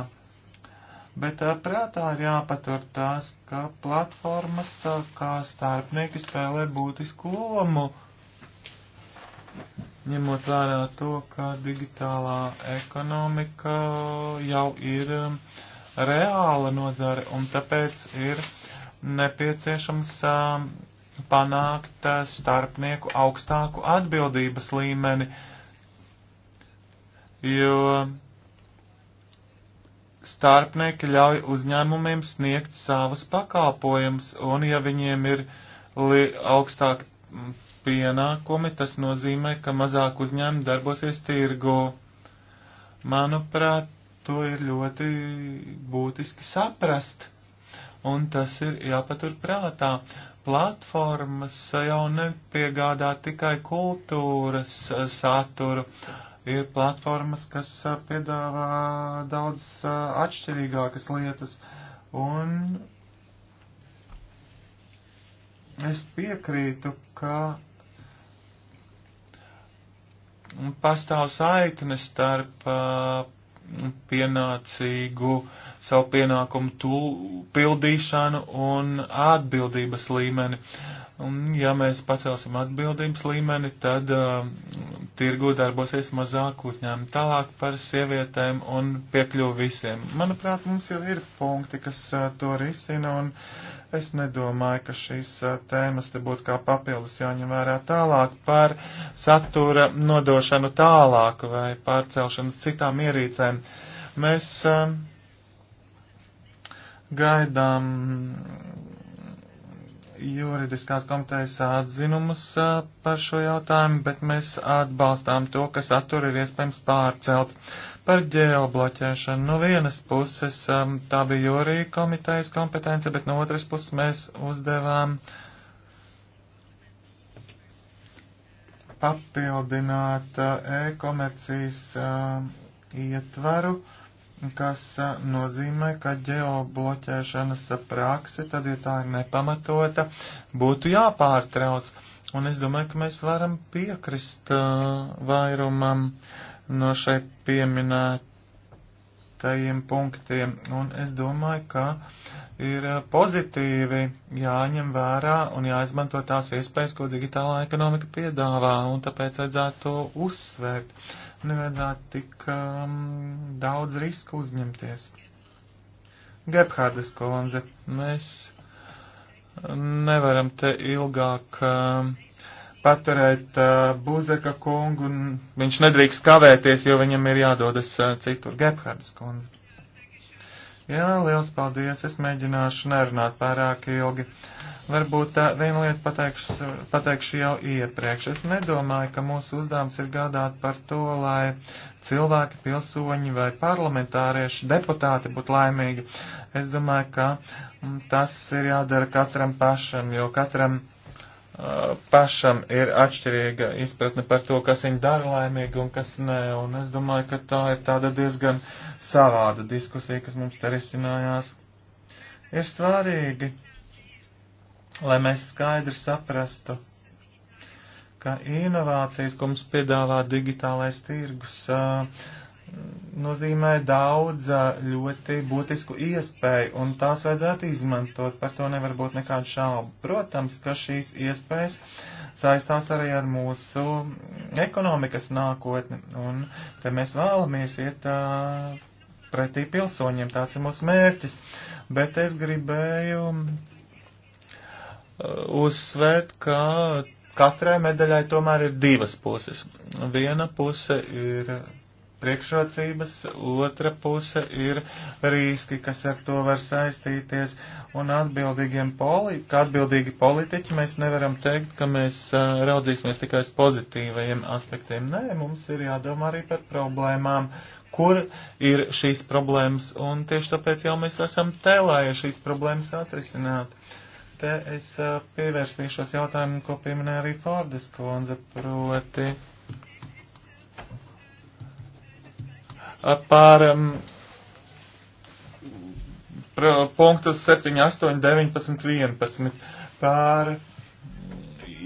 bet prātā ir jāpatur tās, ka platformas kā starpnieki spēlē būtisku lomu, ņemot vērā to, ka digitālā ekonomika jau ir reāla nozare, un tāpēc ir nepieciešams panākt starpnieku augstāku atbildības līmeni, jo starpnieki ļauj uzņēmumiem sniegt savus pakalpojumus, un ja viņiem ir augstāki mm, pienākumi, tas nozīmē, ka mazāk uzņēmumi darbosies tirgu. Manuprāt, to ir ļoti būtiski saprast, un tas ir jāpatur prātā. Platformas jau nepiegādā tikai kultūras eh, saturu, Ir platformas, kas piedāvā daudz atšķirīgākas lietas, un es piekrītu, ka pastāv saikne starp pienācīgu savu pienākumu tūl, pildīšanu un atbildības līmeni. Uh, Un, ja mēs pacelsim atbildības līmeni, tad uh, tirgu darbosies mazāk uzņēmumi tālāk par sievietēm un piekļuvu visiem. Manuprāt, mums jau ir punkti, kas uh, to risina, un es nedomāju, ka šīs uh, tēmas te būtu kā papildus jāņem vērā tālāk par satura nodošanu tālāk vai pārcelšanu citām ierīcēm. Mēs uh, gaidām juridiskās komitejas atzinumus par šo jautājumu, bet mēs atbalstām to, ka saturu ir iespējams pārcelt par ģeobloķēšanu. No vienas puses tā bija jūrija komitejas kompetence, bet no otras puses mēs uzdevām papildināt e-komercijas ietvaru. Uh, kas nozīmē, ka ģeobloķēšanas prakse, tad, ja tā ir nepamatota, būtu jāpārtrauc. Un es domāju, ka mēs varam piekrist vairumam no šeit pieminētajiem punktiem. Un es domāju, ka ir pozitīvi jāņem vērā un jāizmanto tās iespējas, ko digitālā ekonomika piedāvā, un tāpēc vajadzētu uzsvērt nevajadzētu tik um, daudz risku uzņemties. Gebhārdes konze, mēs nevaram te ilgāk um, paturēt uh, Buzeka kungu, un viņš nedrīkst kavēties, jo viņam ir jādodas uh, citur. Gebhārdes konze. Jā, liels paldies. Es mēģināšu nerunāt pārāk ilgi. Varbūt tā viena lieta pateikšu, pateikšu jau iepriekš. Es nedomāju, ka mūsu uzdevums ir gādāt par to, lai cilvēki, pilsoņi vai parlamentārieši, deputāti būtu laimīgi. Es domāju, ka mm, tas ir jādara katram pašam, jo katram pašam ir atšķirīga izpratne par to, kas viņu dara laimīgi un kas nē. Un es domāju, ka tā ir tāda diezgan savāda diskusija, kas mums te risinājās. Ir svarīgi, lai mēs skaidri saprastu, ka inovācijas, ko mums piedāvā digitālais tirgus, nozīmē daudz ļoti būtisku iespēju, un tās vajadzētu izmantot, par to nevar būt nekādu šaubu. Protams, ka šīs iespējas saistās arī ar mūsu ekonomikas nākotni, un te mēs vēlamies iet uh, pretī pilsoņiem, tāds ir mūsu mērķis, bet es gribēju uzsvērt, ka katrai medaļai tomēr ir divas puses. Viena puse ir priekšrocības, otra puse ir riski, kas ar to var saistīties, un atbildīgiem poli, kā atbildīgi politiķi mēs nevaram teikt, ka mēs uh, raudzīsimies tikai uz pozitīvajiem aspektiem. Nē, mums ir jādomā arī par problēmām, kur ir šīs problēmas, un tieši tāpēc jau mēs esam tēlā, ja šīs problēmas atrisināt. Te es uh, pievērsīšos jautājumu, ko pieminēja arī Fordes kundze, proti par um, punktus 7, 8, 19, 11 par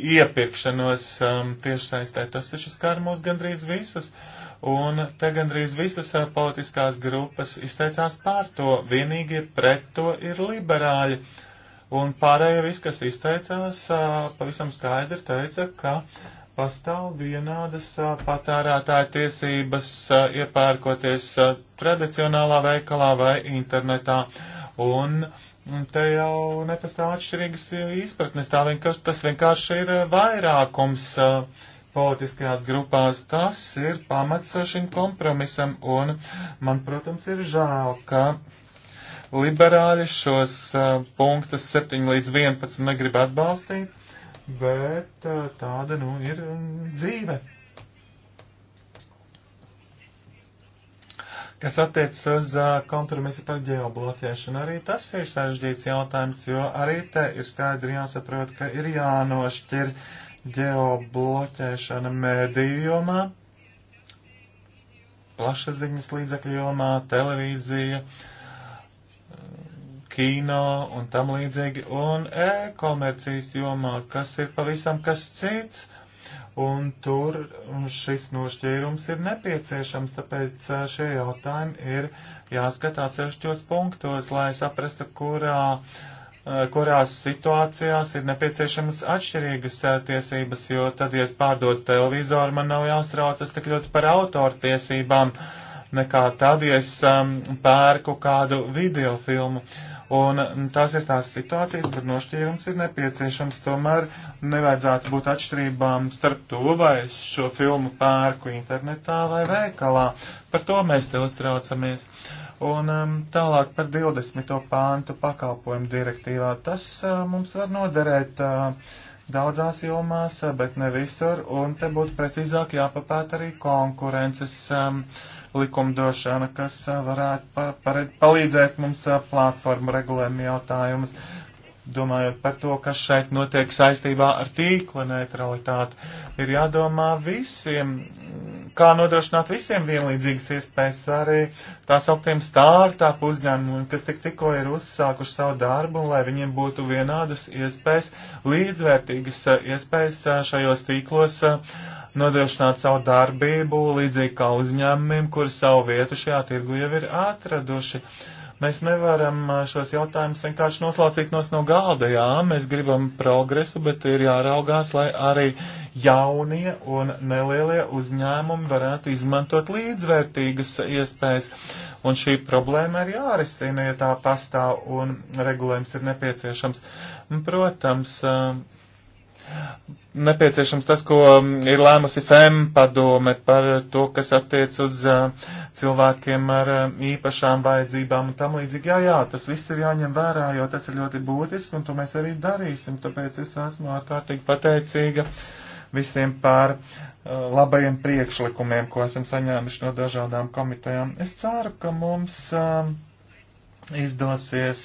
iepirkšanos um, tiešsaistē. Tas taču skar mūs gandrīz visus. Un te gandrīz visas uh, politiskās grupas izteicās pār to. Vienīgi pret to ir liberāļi. Un pārējie viss, kas izteicās, uh, pavisam skaidri teica, ka pastāv vienādas patērētāja tiesības iepērkoties tradicionālā veikalā vai internetā. Un te jau nepastāv atšķirīgas izpratnes, tā vienkārši, tas vienkārši ir vairākums politiskajās grupās. Tas ir pamats šim kompromisam, un man, protams, ir žēl, ka liberāļi šos punktus 7 līdz 11 negrib atbalstīt bet eh, tāda nu ir mm, dzīve. Kas attiecas uz eh, kompromisu par ģeobloķēšanu, arī tas ir sarežģīts jautājums, jo arī te ir skaidri jāsaprot, ka ir jānošķir ģeobloķēšana mēdīju jomā, plašsaziņas līdzekļu jomā, televīzija, uh, kino un tam līdzīgi, un e-komercijas jomā, kas ir pavisam kas cits, un tur šis nošķīrums ir nepieciešams, tāpēc e, šie jautājumi ir jāskatā atsevišķos punktos, lai saprastu, kurā e, kurās situācijās ir nepieciešamas atšķirīgas e, tiesības, jo tad, ja es pārdodu televizoru, man nav jāstraucas tik ļoti par autortiesībām. tiesībām nekā tad, ja es um, pērku kādu videofilmu. Un mm, tās ir tās situācijas, kur nošķīrums ir nepieciešams. Tomēr nevajadzētu būt atšķirībām starp to, vai es šo filmu pērku internetā vai veikalā. Par to mēs te uztraucamies. Un um, tālāk par 20. pāntu pakalpojumu direktīvā. Tas uh, mums var noderēt. Uh, Daudzās jomās, bet ne visur, un te būtu precīzāk jāpapēta arī konkurences um, uh, likumdošana, kas varētu pa, pa, palīdzēt mums platformu regulējumu jautājumus, domājot par to, kas šeit notiek saistībā ar tīkla neutralitāti. Ir jādomā visiem, kā nodrošināt visiem vienlīdzīgas iespējas arī tās augtiem stārtāp uzņēmumiem, kas tik tikko ir uzsākuši savu darbu, lai viņiem būtu vienādas iespējas, līdzvērtīgas iespējas šajos tīklos. Uh, nodrošināt savu darbību, līdzīgi kā uzņēmumiem, kuri savu vietu šajā tirgu jau ir atraduši. Mēs nevaram šos jautājumus vienkārši noslaucīt nos no galda. Jā, mēs gribam progresu, bet ir jāraugās, lai arī jaunie un nelielie uzņēmumi varētu izmantot līdzvērtīgas iespējas. Un šī problēma ir jārisina, ja tā pastāv un regulējums ir nepieciešams. Protams, uh, nepieciešams tas, ko um, ir lēmusi FEM padome par to, kas attiec uz uh, cilvēkiem ar uh, īpašām vajadzībām un tam līdzīgi. Jā, jā, tas viss ir jāņem vērā, jo tas ir ļoti būtiski un to mēs arī darīsim. Tāpēc es esmu ārkārtīgi pateicīga visiem par uh, labajiem priekšlikumiem, ko esam saņēmuši no dažādām komitejām. Es ceru, ka mums um, izdosies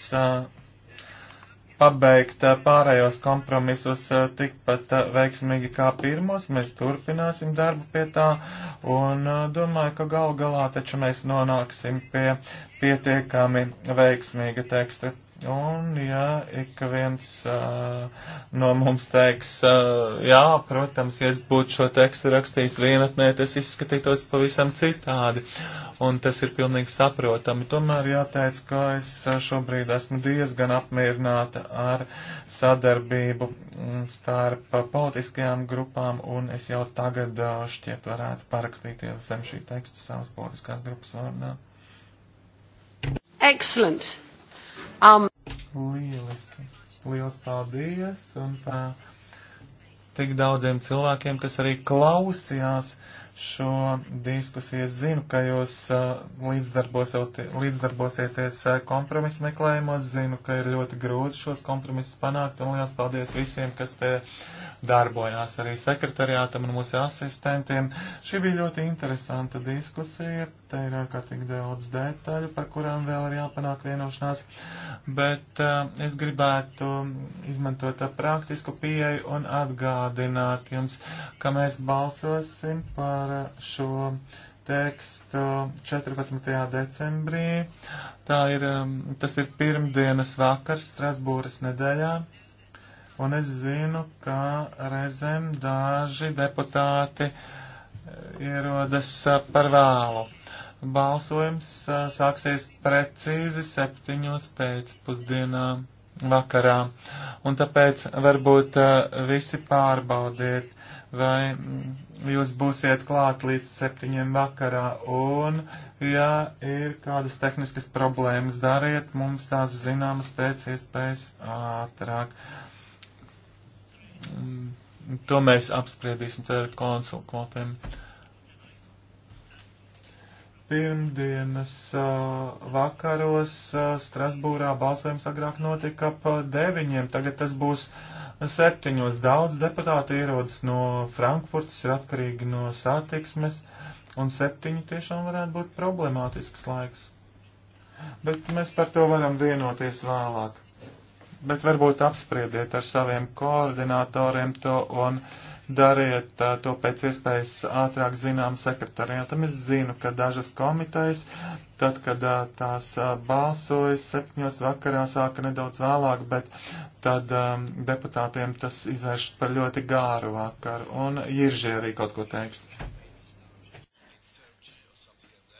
pabeigt eh, pārējos kompromisus eh, tikpat eh, veiksmīgi kā pirmos. Mēs turpināsim darbu pie tā un domāju, ka gal galā taču mēs nonāksim pie pietiekami veiksmīga teksta. Un, ja ik viens uh, no mums teiks, uh, jā, protams, ja es būtu šo tekstu rakstījis vienatnē, tas izskatītos pavisam citādi. Un tas ir pilnīgi saprotami. Tomēr jāteic, ka es šobrīd esmu diezgan apmierināta ar sadarbību mm, starp politiskajām grupām, un es jau tagad uh, šķiet varētu parakstīties zem šī teksta savas politiskās grupas vārdā. Excellent. Um. Lieliski. Liels paldies un tā tik daudziem cilvēkiem, kas arī klausījās. Uh, šo diskusiju. Es zinu, ka jūs līdzdarbosieties kompromisu meklējumos, zinu, ka ir ļoti grūti šos kompromisus panākt, un liels paldies visiem, kas te darbojās, arī sekretariātam un mūsu asistentiem. Šī bija ļoti interesanta diskusija, te ir ārkārtīgi daudz detaļu, par kurām vēl ir jāpanāk vienošanās, bet uh, es gribētu izmantot praktisku pieeju un atgādināt jums, ka mēs balsosim par par šo tekstu 14. decembrī. Tā ir, um, tas ir pirmdienas vakars Strasbūras nedēļā. Un es zinu, ka reizēm daži deputāti eh, ierodas eh, par vēlu. Balsojums eh, sāksies precīzi septiņos pēcpusdienā vakarā. Un tāpēc varbūt visi pārbaudiet vai jūs būsiet klāt līdz septiņiem vakarā, un, ja ir kādas tehniskas problēmas, dariet mums tās zināmas pēc iespējas ātrāk. Mm, to mēs apspriedīsim, tad ar konsultantiem pirmdienas vakaros Strasbūrā balsojums agrāk notika pa deviņiem, tagad tas būs septiņos. Daudz deputāti ierodas no Frankfurtas, ir atkarīgi no satiksmes, un septiņi tiešām varētu būt problemātisks laiks. Bet mēs par to varam vienoties vēlāk. Bet varbūt apspriediet ar saviem koordinatoriem to un. Uh, dariet uh, to pēc iespējas ātrāk zinām sekretariātam. Es zinu, ka dažas komitejas, tad, kad uh, tās uh, balsoja septiņos vakarā, sāka nedaudz vēlāk, bet tad um, deputātiem tas izvērš par ļoti gāru vakaru. Un Jiržie arī kaut ko teiks.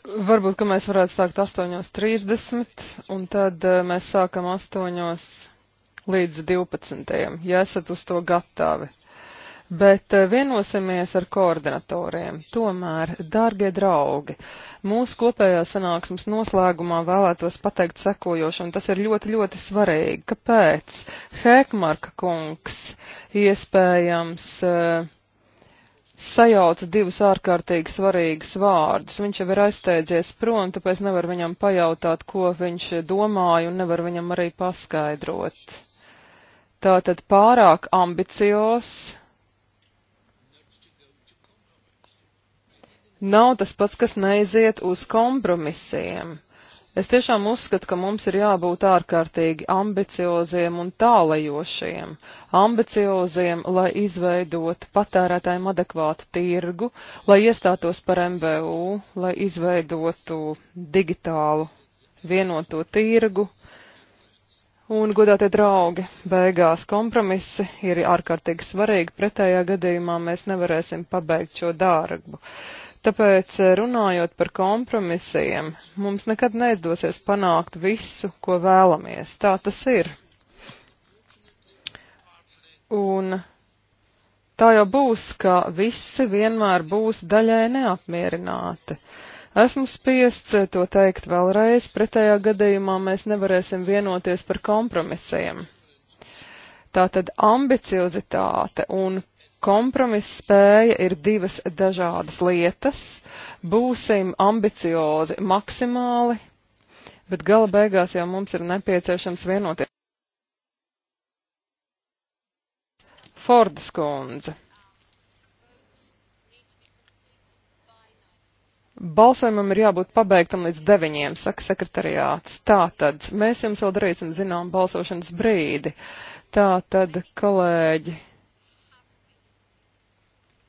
Varbūt, ka mēs varētu sākt 8.30 un tad uh, mēs sākam 8 līdz 12. ja esat uz to gatavi bet eh, vienosimies ar koordinatoriem. Tomēr, dārgie draugi, mūsu kopējā sanāksmes noslēgumā vēlētos pateikt sekojošu, un tas ir ļoti, ļoti svarīgi. Kāpēc? Hēkmarka kungs iespējams eh, sajauca divus ārkārtīgi svarīgus vārdus. Viņš jau ir aizsteidzies prom, tāpēc nevar viņam pajautāt, ko viņš domāja, un nevar viņam arī paskaidrot. Tātad pārāk ambicios nav tas pats, kas neiziet uz kompromisiem. Es tiešām uzskatu, ka mums ir jābūt ārkārtīgi ambicioziem un tālajošiem. Ambicioziem, lai izveidotu patērētājiem adekvātu tirgu, lai iestātos par MVU, lai izveidotu digitālu vienoto tirgu. Un, godātie draugi, beigās kompromisi ir ārkārtīgi svarīgi, pretējā gadījumā mēs nevarēsim pabeigt šo darbu. Uh, Tāpēc, eh, runājot par kompromisiem, mums nekad neizdosies panākt visu, ko vēlamies. Tā tas ir. Un tā jau būs, ka visi vienmēr būs daļai neapmierināti. Esmu spiests eh, to teikt vēlreiz, pretējā gadījumā mēs nevarēsim vienoties par kompromisiem. Tātad ambiciozitāte un kompromisa spēja ir divas dažādas lietas. Būsim ambiciozi maksimāli, bet gala beigās jau mums ir nepieciešams vienoties. Fordas kundze. Balsojumam ir jābūt pabeigtam līdz deviņiem, saka sekretariāts. Tātad, mēs jums vēl darīsim zinām balsošanas brīdi. Tātad, kolēģi.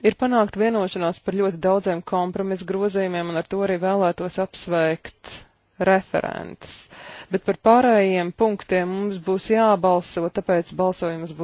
Ir panākt vienošanās par ļoti daudziem kompromisu grozījumiem, un ar to arī vēlētos apsveikt referents. Bet par pārējiem punktiem mums būs jābalso, tāpēc balsojums būs.